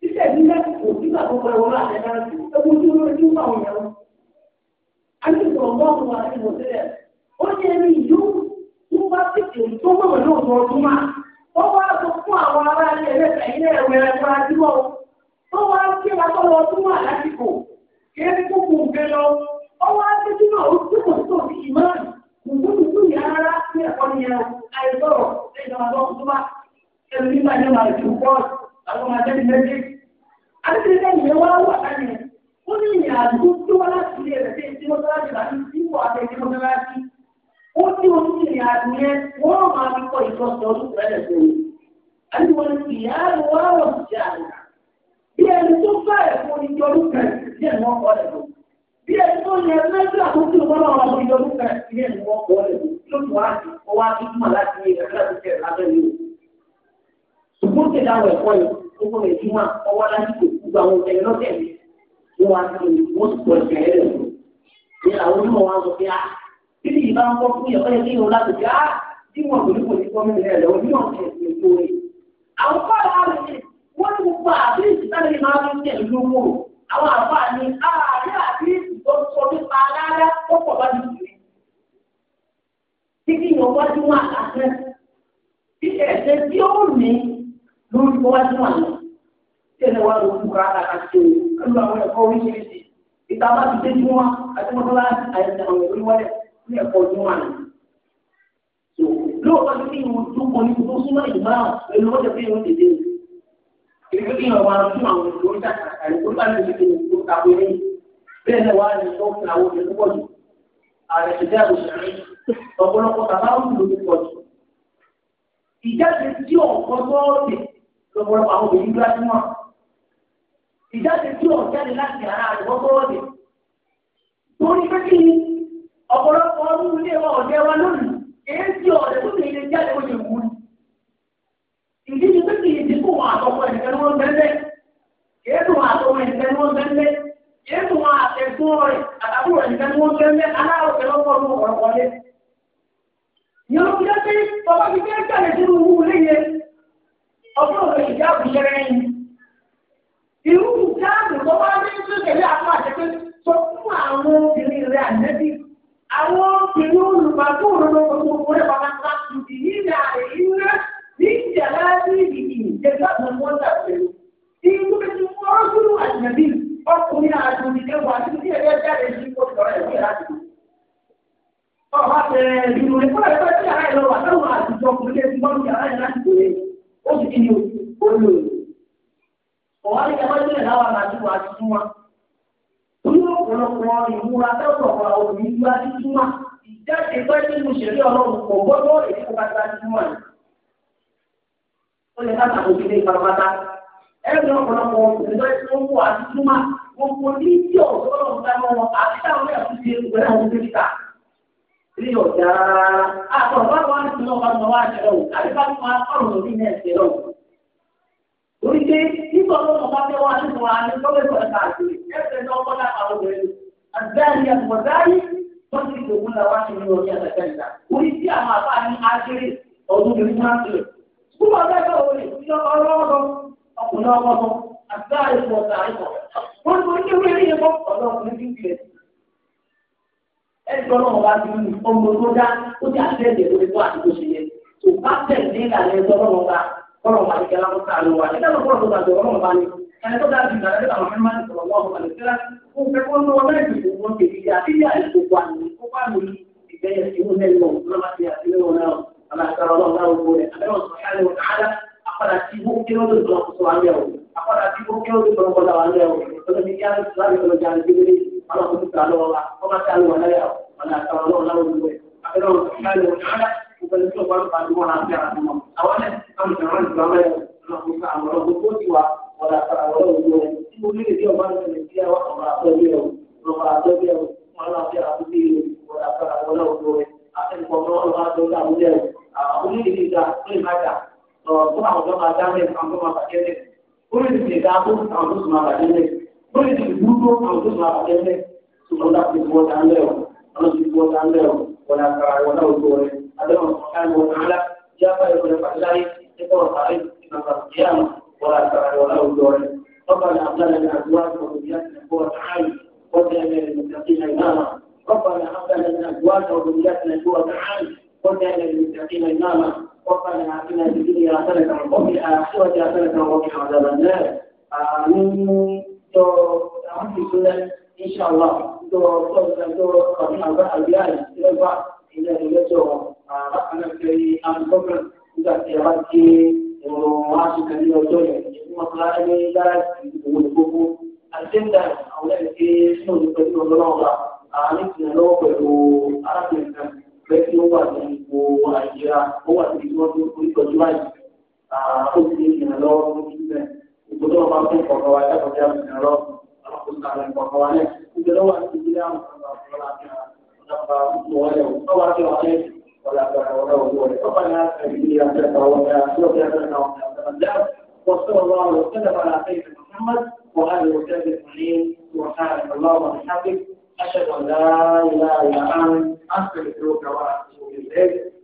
títẹ̀ nílẹ̀ kò nígbà tó pẹ̀lú ọ̀la àtẹ̀dá ẹkùn tí olórí tí ó wọn yẹn. a ní sọ̀rọ̀ bọ́ ọ̀rọ̀ àti ìmọ̀sílẹ̀ ó ní ẹni tó bá tètè tó mọ̀mọ̀ náà ọdún máa wá sọ fún àwọn ará ilé wá akọ́lọ ọdún máa lásìkò àtẹ̀lẹ́ ìyẹn wá wà lánàá ó ní ìyẹn àdúgbò tí wọ́n láti ilé rẹ̀ sí ìdí láti sí ìwọ àtẹ̀lẹ́ mọ́tàlájì ó ní oṣù ìyẹn àdúyẹn wọ́n máa fi kọ́ ìtọ́sọ ọdún pẹ̀lẹ́ fún mi àti wọn ìyá ló wá wọ̀ sí àná bí ẹni tó fà ẹ̀fọ́ ìjọ ọdún kan bí wọ́n kọ́ ẹ̀fọ́ bí ẹni tó yẹ mẹ́fẹ́ àkókò wọn náà wọ́n ìjọ gbogbo rẹ̀ ti máa ọwọ́ lásìkò gbogbo àwọn ọ̀tẹ̀lẹ̀ lọ́tẹ̀ mi wọ́n wá sí i wọ́n sì pọ̀ ẹ̀sìn ẹ̀rẹ̀ rẹ̀ ní àwọn onímọ̀ wa sọ pé a ah, títí ìbá ń kọ́ fún yẹn ọ̀yẹ́ kí irun láti gbà á ah, tí wọ́n kò ní kò ní kọ́ mi rẹ̀ lọ́wọ́ ní ọ̀sẹ̀ ìsìn ètò rẹ̀. àwọn fáwọn àrùn wọ́n ní gbogbo àdéhùn sáré máa ń tẹ̀ lówó àwọn àfáà ní ààrẹ àdéhùn tó sọ nípa alára tó pọ̀ bá ti sùn. títí ìyọ̀wọ́ tí wọ́n àkàtẹ́ tí ẹ̀sẹ̀ tí ó ní lórí kó wá sínú àná tí ẹ̀rọ wa ló kúra àkàtì o ẹ̀rọ àwọn ẹ̀kọ́ oríṣiríṣi ìta bá ti dé júmọ́ àti mọ́tọ́lá àyẹ̀sẹ̀ àwọn ìwé wọlé ní ẹ̀kọ́ júmọ́ àná. lóòótọ́ ní kí ìwọ̀n tó kọ ní tó súnmọ́ ìgbà ẹ̀rọ wọ́n jẹ́ pé ìwọ̀n tètè ìgbẹ́ kí ìwọ̀n máa tún àwọn olórí àkàtì tó bá ní ìdíje tó tako ilé bẹ́ẹ̀ náà wà ní tó ìjáde tí ọ̀pọ̀ tó ọ̀tẹ̀ lọ́pọ̀lọpọ̀ àwọn òbí gbá sí wọn. ìjáde tí ò jáde láti ara rẹ̀ wọ́pọ̀wọ́dì. torí pé kí ni ọ̀pọ̀lọpọ̀ ọdún ilé wa ọ̀dẹ́ wa lónìí èyí tí ọ̀dẹ́ tó tẹ̀lé jáde ó lè wú ni. ìdí ni pé kì í ti wọn àtọkọ ẹ̀nìkan wọn bẹ́ẹ̀ èyí tó wọn àtọkọ ẹ̀nìkan wọn bẹ́ẹ̀ èyí tó wọn àtẹ̀gbọ́n rẹ̀ àtàkùrọ̀ ẹ̀nìkan wọn bẹ́ẹ̀ aláwọ̀ tẹ̀lé ọkọ̀ ọ̀rọ̀ kọ́lé. ìyẹn ló fi dá sí ọba fẹ́ jáde sínú owó yẹn ọdún òwe ìjà òṣèré yìí. Irú káàdì tó wá ní sísèlé àwọn àtẹ̀pé sọ fún àwọn obìnrin rẹ̀ ànẹ́bí. Àwọn obìnrin olùgbàgbọ́ òróró gbogbo owó rẹ̀ pàápàá tùdì yíyà èyí rẹ̀ ní ìjàlá ní ìdìdì ìjẹta ní wọ́n dàgbé. Irú tí wọ́n dúró ànẹ́bí ọkùnrin àdùnní ẹwà tí ní ẹgbẹ́ jáde sí ọ̀dọ̀ rẹ̀ ní ìlàjì. ó sì ni o lò wọ́n ní ẹgbẹ́ sílẹ̀ láwọn àmàtí wa ti súnmọ́ torí ọ̀pọ̀lọpọ̀ ìmúra tẹ́wọ̀n ọ̀pọ̀lọpọ̀ obìnrin tí wá ti súnmọ́ ìjáde pẹ́ nínú ìṣẹ̀lẹ̀ ọlọ́run kò gbọ́dọ̀ èyí kó ti ó lè kò kéde ìfarapata ọ̀pọ̀lọpọ̀ ní ọ̀dà Àtọ̀ bá wà ní ìlú ọba wọn wá ṣẹlẹ̀ o, bá wọn ọ̀rùn òbí náà ṣẹlẹ̀ o. Orí pé nígbà tó wọn bá fẹ́ wá nínú wa ní gómìnà ọ̀dà àti ẹ̀sẹ̀ ní ọkọ̀ náà àwọn obìnrin. Àgbáyé àgbọ̀dáyé wọ́n ti dòwú la wá sí nínú ọjà àgbàjá ìgbà. Orí tí àwọn àbá ní ágéré ọdún ìlú máa ń tilẹ̀. Kúmọ̀ bẹ́ẹ̀ bẹ́ẹ̀ ẹni tó náà bá ti mú ọmọ tó dá ó ti àṣẹ ẹ̀jẹ̀ lórí fún àdúgbò ṣe yẹ tó bá tẹ̀ ní ìlànà ẹ̀jọ́ náà bá kọ́nà wà ní kẹlá kó ká ló wà ní kẹlá kó ká ló wà ní ẹni tó dá ju ìgbà lẹ́yìn àwọn mẹ́rin máa ń sọ̀rọ̀ wọ́n ọ̀hún àlùfẹ́lá ó fẹ́ kó lọ́wọ́ náà ìdìbò wọn kèjì yà á bíyà ìdòkò àmì kó bá mi ìgbẹ́yẹ̀ sí wọn lẹ́yìn wọn lọ́wọ́ àti àtìlẹ́wọ̀n náà àlàkàrọ̀ náà náà wọ rẹ̀ àbẹ́wọ̀n sọ̀rọ̀ wọn àádá àpàdà tí ó kí ó lè sọ̀rọ̀ kó sọ̀rọ̀ àlẹ́ ọ̀ àpàdà tí ó kí ó lè sọ̀rọ̀ kó sọ̀rọ̀ àlẹ́ ọ̀ ọlọ́run tó ta lọ́wọ́ wa ọba tá a lọ láyà ọ̀nà àtàwọn ọlọ́run láwọn olùwẹ̀ àbẹ̀rẹ̀ ọ̀rọ̀ ìgbà yẹn ọ̀nà àlá ìgbàlú tó wà lọ́pàá ní wọn àti àwọn ọmọ àwọn ẹ̀ àwọn ìjọba ìjọba ẹ̀ ọlọ́run tó àwọn ọlọ́run tó ti wà ọ̀nà àtàwọn ọlọ́run olùwẹ̀ tí mo lè dé ọba rẹ̀ lè fi àwọn ọmọ àtọ́jú ẹ̀ ọmọ àtọ́jú ẹ̀ ọmọ àti àbúté ọ̀nà àtàwọn ọlọ́run olùwẹ̀ àtẹnukọ̀ ọlọ́run àtọ́jú àbúté ẹ̀ onídìí ìgbà tó ìmájà ọ̀rọ̀ tó àwọn ọ̀dọ́ máa dá mẹ́rin àwọn tó máa bàjẹ́ mẹ́rin onídìí ìgbà tó àwọn tó máa bàjẹ́ mẹ́rin lórí ti gbúdúró àwọn tó sọ àbàtẹ́lẹ̀ tó wọ́n dá fi wọ́n dáná lẹ́wọ̀ wọ́n ti wọ́n dáná lẹ́wọ̀ wọ́n àkàrà wọn náà tó rẹ̀ adéwọ̀n kan wọn kàlá jábá ìwọ̀n pàṣẹ nípa ọ̀sàrí ìgbàgbà kíyàmù wọ́n àkàrà wọn náà tó rẹ̀ ربنا أبلغنا من أزواجنا وذرياتنا قوة عين واجعلنا للمتقين إماما ربنا أبلغنا من أزواجنا وذرياتنا قوة عين واجعلنا للمتقين إماما ربنا آتنا في الدنيا حسنة وفي الآخرة حسنة وقنا عذاب النار آمين tó àwọn ti tó lẹ inṣàlá tó tó tó àwọn àgbà àbí àyè tí wọn bá ilé ilé tó àkànṣe àǹtọ́gbà nígbà tí a bá ti ìrọ̀rùn wọn aṣọ kan ní ọjọ́ yẹn ní wọn kọ́ ara ní láti ìwé gbogbo àtẹ́ńdà àwọn ẹ̀rẹ́ pé sínú ìpẹ́jú ọlọ́wọ́ àárín ìrànlọ́wọ́ pẹ̀lú arábìnrin kan bẹ́ẹ̀ tí ó wà ní ipò àìjíra ó wà ní ìwọ́n tó ń tọ́jú báyìí ó ti ìrànlọ́wọ́ tó ń tún bẹ́ẹ̀ ìgbóná ọba tó ń kọ̀ọ̀kan wa ẹ̀kọ́ bí a ti rọ ọlọ́kùnrin náà ń kọ̀ọ̀kan wa lẹ̀ ìgbéná wà sí ilé àwọn ọ̀dọ́ àti ọ̀dọ́ wọlé ọ̀dọ́ wa ti wọlé ọ̀dọ́ àti ọ̀dọ́ wọlé ọ̀pá ni a ti rí ilé àti ẹ̀kọ́ wọlé àti ọ̀dọ́ àti ọ̀dọ́ wọlé ọ̀dọ́ wọlé ọ̀dọ́ wọlé